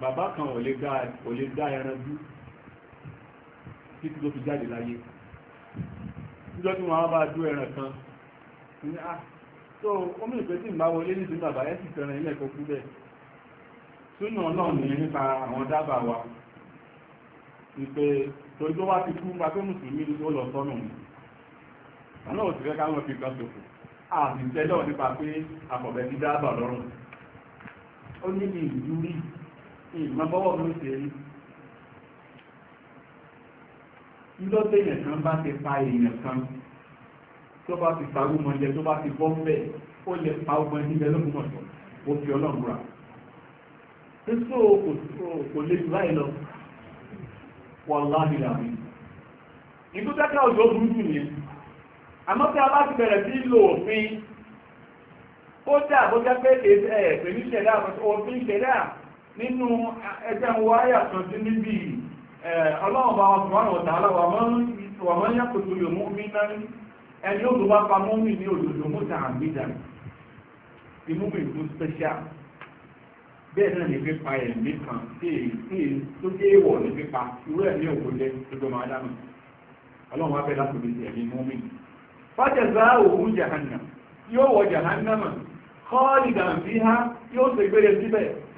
bàbá kan ò lè dá ẹran dú títí tó fi jáde láyé níjọ́ tí wọ́n bá dú ẹran kan ní à ah, tó omi ìpé tí ìgbà wọlé ní ìdúnà bàbá ẹ̀sì fẹ́ràn ilẹ̀ kókú bẹ́ẹ̀ súnà náà ní nípa àwọn dábàá wa ìpè tójú wá ti kú máa pé mùsùlùmí ní ó lọ sọ́nù mi àná ò sì fẹ́ káwọn fi kan ṣòfò àti ìtẹ́lẹ̀ nípa pé àkọ̀bẹ̀ ti dábàá lọ́rùn ó ní ìdúrí ìmọ̀bọ́wọ́ ló ṣe rí lọ́tẹ̀ èèyàn kan bá ti pa èèyàn kan tó bá ti parú mọ́jẹ tó bá ti bọ́ mbẹ́ ó lè pa ọgbọ́n níbẹ̀ lọ́gbọ̀n ọ̀tọ̀ ó fi ọlọ́run rà sísọ kò lè jù láì lọ wàláhì làwọn ìlú dákà òjò burúkú nìyẹn àmọ́ tí a bá ti bẹ̀rẹ̀ sí lo òfin ó dà bó jẹ́ pé ẹ̀ẹ́dẹ̀ẹ́dẹ́ níṣẹ̀dá òfin ṣẹ̀dá nínú ẹjẹ́ wáyà kan tí níbi ọlọ́run bá wọn sùnwọ́n ọ̀tà aláwọ̀ àmọ́ yàtọ̀ tó lè mú mi náà ẹni ó tó bá pa mọ́ mi ní òdòdó mú ta àmìjà inú mi tó special bẹ́ẹ̀ náà ní pípa ẹ̀mí kan tí èyí tó dé ìwọ̀ ní pípa irú ẹ̀mí òkú jẹ́ tó máa dánù ọlọ́run wá bẹ́ẹ̀ láti lè ẹ̀mí mú mi fàjẹ̀sà òun jahannam yóò wọ jahannama kọ́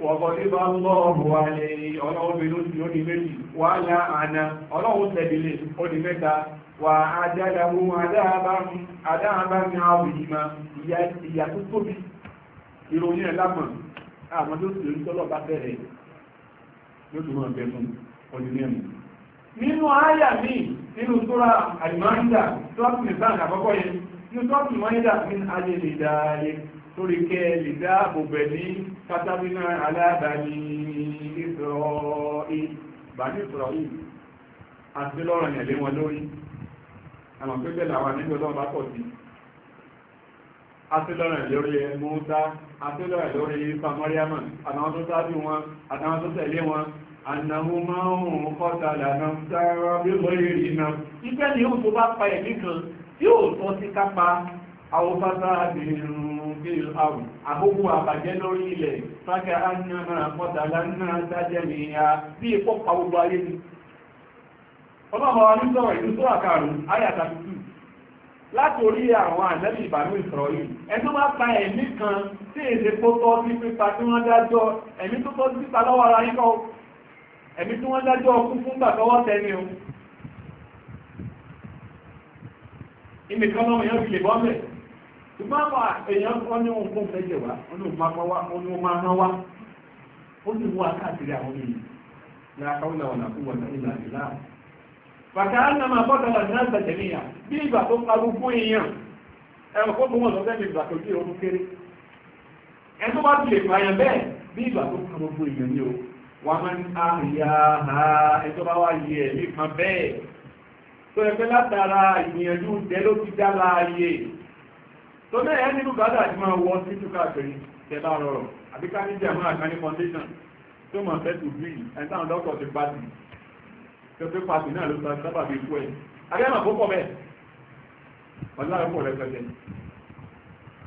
وغضب الله عليه ọlọ́run bínú sí ó di méjì wà láàánà ọlọ́run tẹ̀lélé ó di mẹ́ta wà ádáyàwó adáàbá ní àwòyìmá ìyà tó tóbi ìròyìn ẹ̀ lápọ̀ àwọn tó sì orí tọ́lọ̀ bá bẹ̀rẹ̀ yóò tó máa bẹ̀rún ọdún mẹ́rin nínú àyà mi torí kẹ́ ẹ lè dáàbò bẹ̀ ní kátàmínà aláàbàní Israel bàní Israel àti lọ́rọ̀ yẹn lé wọn lórí àmọ́ pé bẹ́ẹ̀ làwọn àníjọ lọ́wọ́ bá pọ̀ sí àti lọ́rọ̀ yẹn lórí ẹ Mùsá àti lọ́rọ̀ yẹn lórí samariama àtàwọn tó sáájú wọn àtàwọn tó tẹ̀lé wọn ànàwó máa ń fil ard agogo àbàjẹ́ lórí ilẹ̀ fákà ánàmà àpọ̀tàlá náà sájẹ́ ya a bí ipò pa ayé ni ọlọ́mọ wa ìlú tó àkàrùn ayàtà tuntun láti orí àwọn ànẹ́bí ìbànú ìsọ̀rọ̀yìn ẹni wá pa ẹ̀mí kan èdè sí pípa tí wọ́n dájọ́ ẹ̀mí tó tọ́ sí pípa lọ́wọ́ ara ẹ̀mí tí wọ́n dájọ́ fún ìmáàmà èèyàn wọ́n ní ohun tó ń fẹ́ jẹ̀ wá wọ́n ní máa máa wá ó sì wá káàkiri àwọn èèyàn ní akáwọ́lá wọn àkú wọn ní ìlànà ìlànà máa bọ́ dọ́là ní àgbà tẹ̀lé bí ìgbà tó parú fún èèyàn ẹ̀rọ kó gbọ́n lọ́fẹ́ mi bí ìgbà tó parú o wà máa ń ẹ tó bẹ́ẹ̀ ẹni ló gbádà ti máa sí túká kiri tẹ́lá rọrọ̀ àbí ní foundation tó mọ̀ fẹ́ tù bí ẹni dọ́kọ̀ ti pàtì tó pé pàtì náà ló gba sábà bí ikú ẹ̀ abẹ́ bẹ́ẹ̀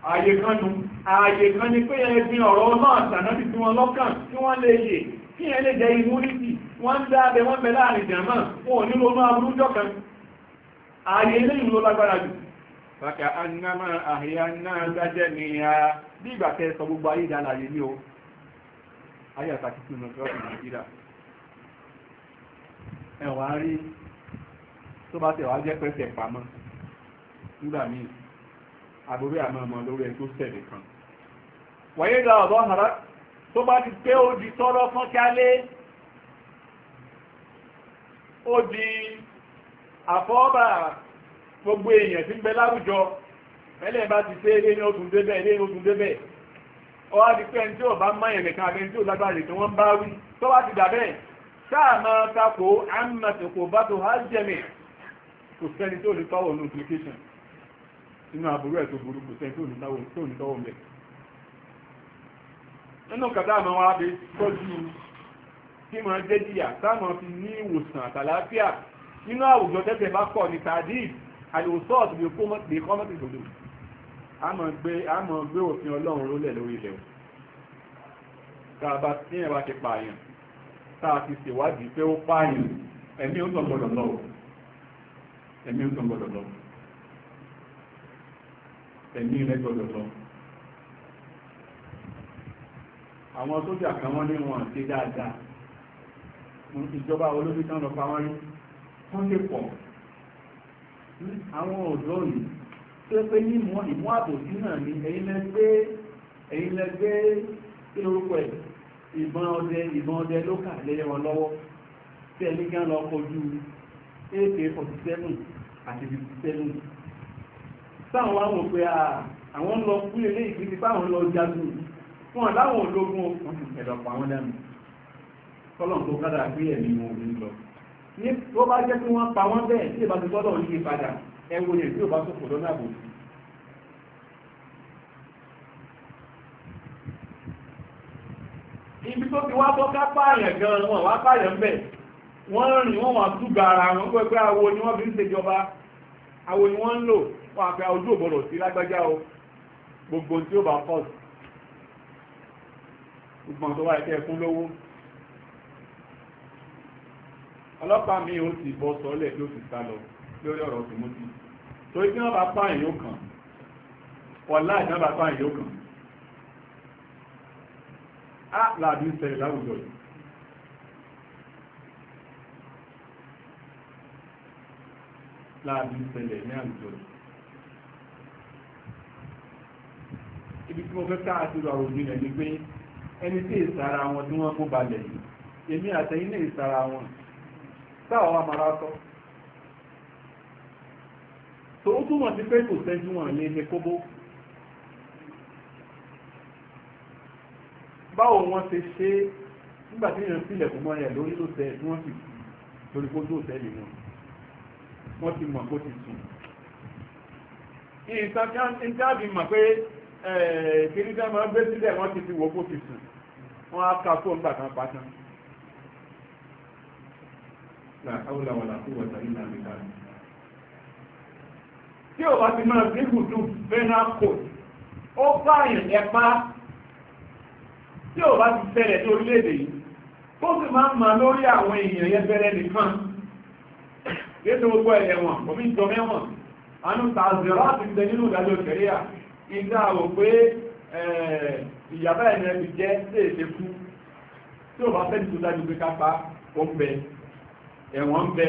ààyè kan ààyè kan ni pé ẹgbin ọ̀rọ̀ náà sànábì tí wọ́n lọ́kàn tí wọ́n lè yè kí ẹ lè jẹ immunity wọ́n ń wọn ò nílò ààyè lágbára kàkà anamá àhìyá náà bí ìgbà tẹ́ sọ gbogbo ayé dára yìí ní o ayé àtàkì tí nàìjíríà rí tó bá tẹ̀ jẹ́ pẹ́sẹ̀ pàmọ́ nígbà míì àmọ́ lórí kan ọ̀dọ́ ọ̀hárá tó bá ti pé di gbogbo èèyàn tí ń bẹ láwùjọ ẹlẹ́ bá ti ṣe eré ní oṣù débẹ̀ eré ní oṣù débẹ̀ ọ wá di pé ẹni tí ò bá mọ ẹ̀rẹ̀ kan àbẹ́ni tí ò lágbára tí wọ́n bá wí tó bá ti dà bẹ́ẹ̀ sáà máa takò àmàtòkò bá tó há jẹ̀mì kò sẹ́ni tí ò lè tọ́wọ̀ ní implication inú àbúrú ẹ̀ tó burú kò sẹ́ni tí ò ní tọ́wọ̀ mẹ́ nínú kàtà àwọn abẹ tọ́jú tí wọ́n jẹ́ jìyà táwọn fi ní ìwòsàn àtàlàáfíà nínú àwùjọ tẹ́tẹ̀ bá kọ̀ ní tàdíìsì àlùsọ́ọ̀t bí kọ́ mọ́tì tó lò á mọ̀ gbé òfin ọlọ́run rólẹ̀ lórí ilẹ̀ tàbá tí ẹ̀wà ti pààyàn tàà ti ṣèwádìí pé ó pààyàn ẹ̀mí ó tàn gbọ́dọ̀ lọ ẹ̀mí ó tàn gbọ́dọ̀ lọ ẹ̀mí rẹ̀ gbọ́dọ̀ lọ àwọn sójà kan wọ́n ní wọn ṣe dáadáa ìjọba olóbi tán lọ pa wọ́n rí wọ́n lè pọ̀ àwọn ọ̀dọ́ yìí tó pé ní ìmú àbòsí náà ni ẹ̀yin lẹ́gbẹ́ ẹ̀yin lẹ́gbẹ́ kí lórúkọ ẹ̀ ìbọn ọdẹ ìbọn ọdẹ ló kà lẹ́yẹ wọn lọ́wọ́ tí ẹni gán lọ kojú ak-47 àti 57 sáwọn wá wọ́n pé àwọn lọ kú ilé ìgbìtì fáwọn lọ jagun fún ọ̀láwọn ológun ọkùnrin ẹ̀dọ̀pọ̀ àwọn dànù kọ́lọ̀ tó kádà pé ẹ̀mí wọn ò ní lọ ní tó bá jẹ́ kí wọ́n pa wọ́n bẹ́ẹ̀ tí ìbá ti tọ́lọ̀ yí padà ẹwọ lè tí ò bá sòfò lọ́nà àbò ibi tó ti wá bọ́ ká pààyàn gan wọn wá pààyàn bẹ́ẹ̀ wọ́n rìn wọ́n wà túgbà ara wọn pé pé awo ni wọ́n fi ń ṣèjọba awo ni wọ́n ń lò wọ́n àfẹ́ ojú òbọ̀rọ̀ sí lágbájá o gbogbo tí ó bá pọ̀ gbogbo àwọn tó wà ẹ̀kẹ́ fún lówó ọlọ́pàá mi ò sì bọ́ sọ́lẹ̀ tó ti sá lọ lórí ọ̀rọ̀ tòmótì torí tí wọ́n bá pààyàn yóò kàn ọ̀la ìjọba bá pààyàn yóò kàn á làbí ń ṣẹlẹ̀ láwùjọ yìí láàbí ń ṣẹlẹ̀ ní àwùjọ yìí ibi tí mo fẹ́ káàkiri àwùjọ yìí ni pé ẹni tí ìsara wọn tí wọ́n kó balẹ̀ yìí èmi àtẹ̀yìn ní ìsara wọn táwọn amara sọ tó ó túmọ̀ sí pé kò sẹ́jú wọn lé ní kóbó báwo wọ́n ṣe ṣe nígbà tí èèyàn sílẹ̀ kò mọ́ ẹ̀ lórí lóṣẹ̀ tí wọ́n sì lórí kójú òtẹ́ẹ̀lì wọn wọ́n ti mọ̀ kó ti sùn ìtàbí mọ̀ pé kìnnìkan máa gbé sílẹ̀ wọ́n ti fi wò kó ti sùn wọ́n á ka fóun gbà kan pátán la haula wala quwwata illa billah tí o bá ti máa bí gùdù penal code ó pààyàn ẹ̀pá tí o bá ti fẹ́rẹ̀ ní orílẹ̀-èdè yìí ó sì máa ń ma lórí àwọn èèyàn yẹn fẹ́rẹ̀ nìkan yéṣe gbogbo ẹ̀wọ̀n omi jọ mẹ́wọ̀n anú tààzẹ̀rọ àti ìdẹ nínú ìdájọ́ ìṣẹ̀ríà ìdá rò pé ìyàbá ẹ̀rẹ́ ti jẹ́ sí èṣe kú tí o bá fẹ́ ti tó dájú pé ká pa ó ń bẹ ẹ̀wọ̀n ń bẹ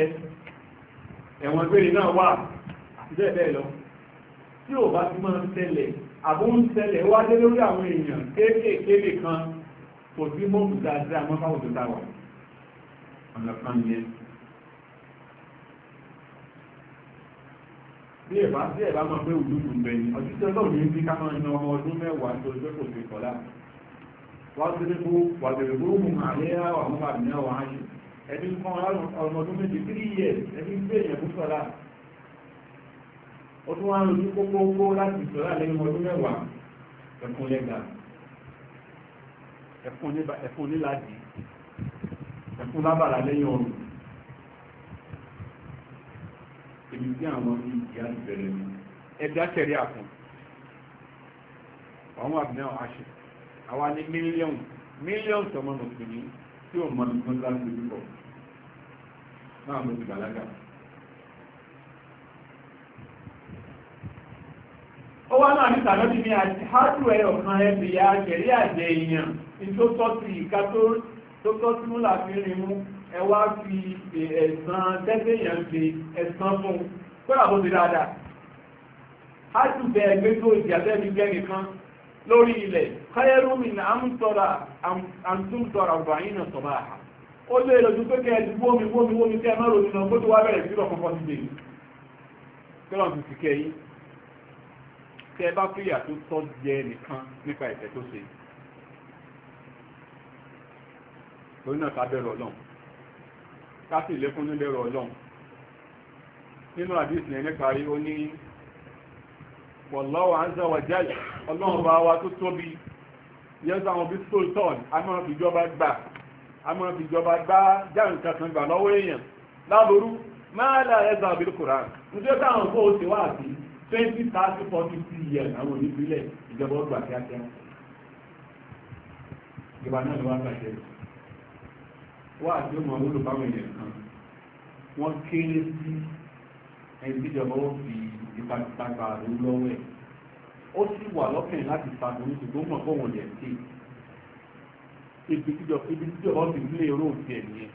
ẹ̀wọ̀n gbére náà wà bẹ́ẹ̀ bẹ́ẹ̀ lọ tí ò bá ti máa ń tẹ́lẹ̀ àbó ń tẹ́lẹ̀ wá dé lórí àwọn èèyàn kéékèèké nìkan kò sí mọ́ọ̀mù dáadáa mọ́ fáwọn tó dáwà ọ̀nà kan yẹn bí ẹ̀bá sí ẹ̀bá máa pé òdúdú ń bẹ ni ọ̀títọ́ náà ní bí ká máa ń ọmọ ọdún mẹ́wàá tó ọjọ́ kò sí kọ́lá wá sí ní kú wàdèrè búrúkú àléhà àwọn àmì náà wà á yìí ẹni kan ọmọdún méjì 3 years ẹni gbé èèyàn fún sọ́lá ó tún wá ń rojú kókókó láti sọ́lá lẹ́yìn ọdún mẹ́wàá ẹkùn lẹ́gbàá ẹkùn nílàdì ẹkùn lábàlá lẹ́yìn ọrùn èmi tí àwọn ìyá ìbẹ̀rẹ̀ mi ẹ̀dá kẹrí àkùn àwọn àbìnrin àṣẹ àwọn ní mílíọ̀nù mílíọ̀nù tọmọ mùsùlùmí tí ó mọ̀ na láti púpọ̀ náà ló ti bàlágà. ó wá náà níta lọ́dí ní ya kẹ̀rí àjẹ èèyàn ní tó tọ́ sí ìka tó tọ́ sí mú láti rìn mú fi ẹ̀sán tẹ́sẹ̀ èèyàn ẹ̀sán fún kó làbó ti dáadáa. hádù bẹ́ẹ̀ gbé tó ní lórí ilẹ̀ káyẹ́rùmí ní àmútọ́ra àmútọ́ra ọgbàáyìn náà sọ̀rọ̀ àhà ó lé lọ́jú pé kẹ́ ẹ̀dì wómi wómi wómi kẹ́ mẹ́rò nínú ọgbó tó wá bẹ̀rẹ̀ sí lọ fọ́fọ́ sílé kẹ́lọ́n ti sì kẹ́yìn kẹ́ bá fìyà tó tọ́ jẹ nìkan nípa wọ̀lọ́wọ̀ azza wa jalla ọlọ́run bá wa tó tóbi yẹ́sà àwọn bí sultan a máa fi gbà a kankan gbà lọ́wọ́ èèyàn láború máa là ẹ̀zà àbí kùrán nítorí táwọn kó o wá twenty thirty forty years àwọn onípínlẹ̀ ìjọba ọgbà kíákíá ìjọba náà àti kan wọ́n kéré ẹni tíjọba ó fi ìpàtìpà gbà lórí lọ́wọ́ ẹ̀ ó sì wà lọ́kàn láti ṣàbòrò ṣùgbọ́n mọ̀ fọ́wọ́n lẹ̀ sí ibi tíjọba ó ti nílé oró òfin ẹ̀ nìyẹn.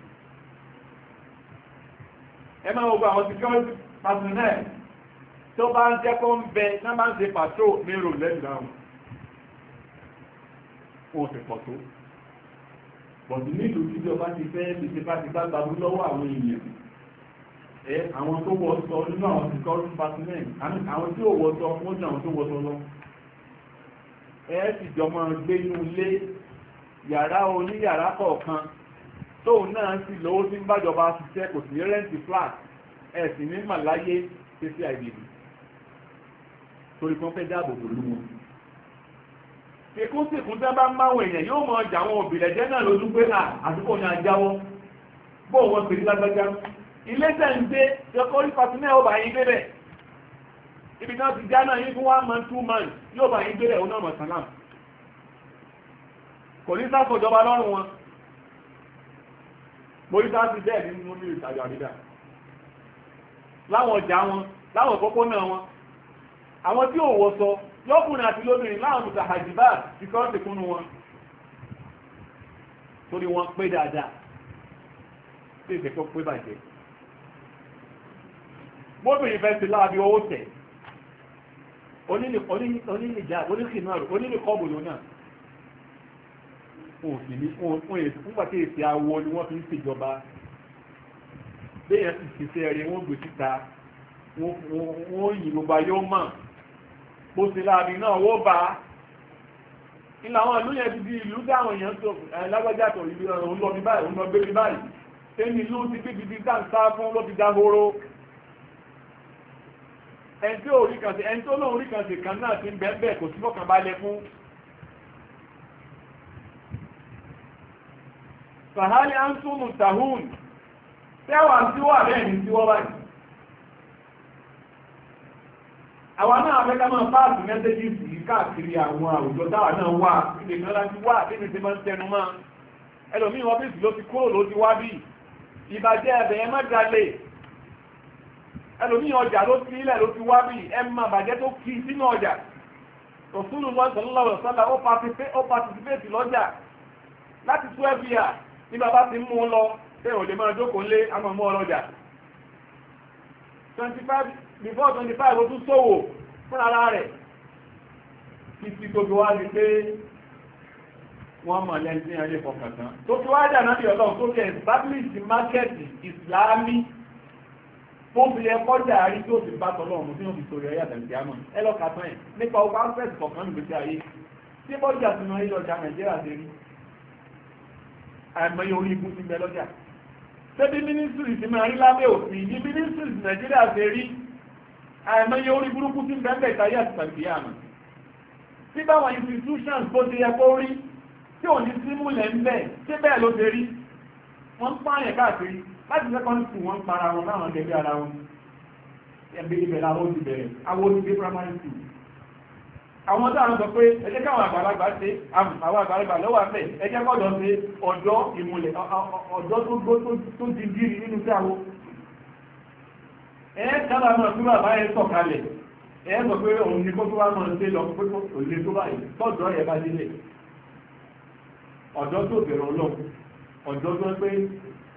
ẹ máa wọ àwọn security personnel tó bá ń jẹ́ kó ń bẹ náà máa ń ṣe pàtó mérò lẹ́yìn náà wọn ti pọ̀ tó bọ̀dù nílùú tíjọba ti fẹ́ ṣe bá ti bá gbàgbọ́ lọ́wọ́ àwọn èèyàn àwọn tó wọ sọ nínú àwọn security department àwọn tí ò wọ sọ wọ́n ní àwọn tó wọ sọ lọ ẹ sì jọ máa gbé inú ilé yàrá oníyàrá kọ̀ọ̀kan tóun náà sì lówó tí ń bàjọba ṣiṣẹ́ kò sí rẹ́ǹtì flat ẹ sì ní màláyé ṣe sí àìbèbè torí kan fẹ́ dáàbò bò lú wọn sekúnsekún tẹ́ bá ń máwọn èèyàn yóò mọ ọjà àwọn òbílẹ̀ jẹ́ náà lójú pé àdúgbò ní ajáwọ́ bóun wọn pè ní lágbájá ile se ń gbé jọkọ́ orí pàtí náà ibi náà ti fún one month two months yóò bá yín gbé bẹ̀ òun náà kò ní sáfò ìjọba lọ́rùn wọn mo rí sáfì bẹ́ẹ̀ nínú ní ìtajà láwọn ọjà wọn láwọn òpópónà wọn àwọn tí ò wọ sọ lọ́kùnrin àti lóbìnrin láwọn ti kọ́ ti kúnnú wọn torí wọn pé dáadáa bóbìnrin fẹ́ ti láàbí owó tẹ̀ onílìkọ́bù ló náà òun sì ní fún pàtí èsì awọ ni wọ́n fi ń ṣèjọba béèyàn sì ti fẹ́ rí wọ́n gbé síta wọ́n yìí gbogbo ayé ó mọ̀ bó ti láàbí náà wó bá ilẹ̀ àwọn ìlú yẹn ti di ìlú dáwọn èèyàn tó lágbájá tó ìlú ọ̀rọ̀ ń lọ bí báyìí ń lọ gbé bí báyìí tẹ́ni ìlú ti bí bí bí dáǹsá fún ló ti dá horo ẹni tí ò rí kan sí ẹni tó lóun rí kan sí kan náà ti ń bẹ́ẹ̀ kò sí mọ́kàn balẹ̀ fún. sàhálì ansúmù tahun tẹ́wàá tí wà bẹ́ẹ̀ ní tí wọ́n báyìí. àwa náà fẹ́ ká máa páàsì mẹ́sẹ́jì sí káàkiri àwọn àwùjọ táwa náà wà ilé kan láti wà bí mi máa ń tẹnu mọ́ ẹlòmíì ọ́fíìsì ló ti kúrò ló ti wá bí ìbàjẹ́ ẹ̀bẹ̀ ẹ má dalẹ̀ ẹlòmíì ọjà ló ti ilẹ̀ ló ti wá bí ẹ má bàjẹ́ tó kí sínú ọjà òsúlù wọn sọlọ́lá ọ̀sọ́lá ó patisipéètì lọ́jà láti tú ẹ̀bí à ní bàbá ti mú un lọ pé òde máa jókòó lé àmọ́ ọlọ́jà twenty five before twenty five ó tún ṣòwò fún ara rẹ̀ títí di pé wọ́n mọ̀ lẹ́yìn tí fọkàn tán tó fi náà market islami tó fi lẹ kọjá rí tó fi bá tọ́lọ́ ọ̀mù tí wọ́n fi torí ọyá àtàlùkì àmọ́ ẹ lọ́ka tán ẹ̀ nípa ọgbà fẹ́ẹ̀sì kọ̀ọ̀kan nígbèsí ayé tí bọ́jà ti máa ń lọ́jà nàìjíríà ṣe rí àìmọye orí igun ti bẹ lọ́jà ṣebí mínísírì ti máa rí lábẹ́ òfin ní mínísírì nàìjíríà ṣe rí àìmọye orí burúkú ti bẹ́ẹ̀ bẹ́ẹ̀ táyé àtàlùkì àmọ́ tí báwọn institutions bó ti yẹ kó rí tí ò ní símúlẹ̀ ń bẹ́ẹ̀ ló ṣe rí wọ́n ń pààyàn káàkiri láti sẹ́kọ́ndì tí wọ́n ń para wọn láwọn ẹgbẹ́ ara wọn ẹgbẹ́ ibẹ̀ làwọn ti bẹ̀rẹ̀ àwọn olùgbé primary school àwọn táwọn sọ pé ẹjẹ́ káwọn àgbàlagbà ṣe àwọn àgbàlagbà lọ́wọ́ àfẹ́ ẹjẹ́ kọ́dọ̀ ṣe ọ̀dọ́ ìmùlẹ̀ ọ̀dọ́ tó gbó tó di gírí nínú sí àwọn ẹ̀ dábàá náà tó bàbá ẹ̀ sọ̀kalẹ̀ ẹ̀ sọ pé òun ni kó tó bá ṣe lọ pé kò lè tó báyìí tọ́jọ́ ẹ̀ bá délé ọ̀dọ́ tó bẹ̀rẹ̀ ọlọ́run ọ̀dọ́ tó pé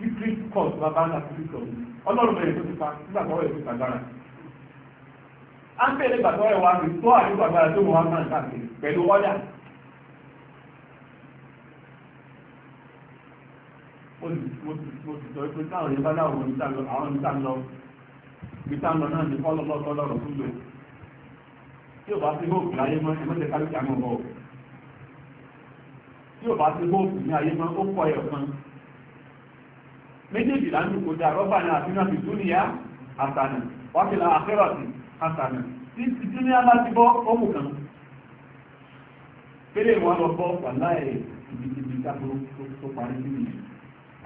secret court bàbá náà secret court ọlọ́run bẹ̀rẹ̀ tó ti pa nígbà tó ọ̀rẹ́ tó sàgbára á ń bẹ̀rẹ̀ gbàgbọ́ ẹ̀ wá mi tó àdúgbò àgbára tó mọ̀ wá máa ń káàkiri pẹ̀lú ọ̀dà o ti sọ pé táwọn yẹn bá dáwọn oníta lọ àwọn oníta lọ oníta lọ náà ní kọ́lọ́ lọ́tọ́ lọ́rọ̀ fún lò tí ò bá sí hóòpù láyé mọ́ ẹ mọ́tẹ́ kálíkì àmọ́ bọ̀ tí ò bá sí hóòpù ní ayé mọ́ ó kọ́ ẹ̀ kan méjèèjì láti kò dá rọ́bà ní àfihàn fi tún níyà àtànà wákìlá àkẹ́rọ̀tì àtànà tí ti tún ní aláti bọ́ ọmù kan pélé wọn lọ bọ́ wà láì ìbìtìbì kápó tó parí sí nìyẹn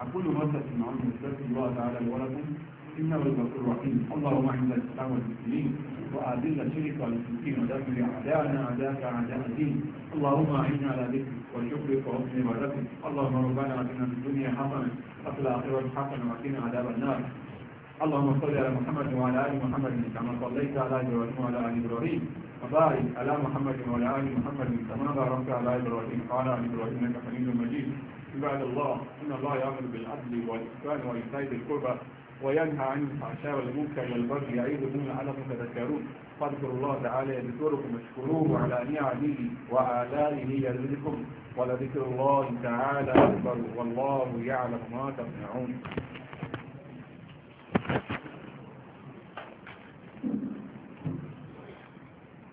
àkúlù wọn tẹ̀sí náà wọn tẹ̀sí lọ́wọ́ àtàrà ìwọ́lá fún ìyàwó وأذل شرك المشركين ودمر أعداءنا أعداءك أعداء الدين اللهم أعنا على ذكرك وشكرك وحسن عبادتك اللهم ربنا آتنا في الدنيا حسنة وفي الآخرة حسنة وقنا عذاب النار اللهم صل على محمد وعلى ال محمد كما صليت على إبراهيم وعلى ال ابراهيم وبارك على محمد وعلى ال محمد كما باركت على إبراهيم وعلى ال ابراهيم انك حميد مجيد عباد الله إن الله يعمل بالعدل والاحسان وايتاء ذي وينهى عن الفحشاء والمنكر والبغي يعيدكم لعلكم تذكرون فاذكروا الله تعالى يذكركم واشكروه على نعمه وآلائه يزدكم ولذكر الله تعالى أكبر والله يعلم ما تصنعون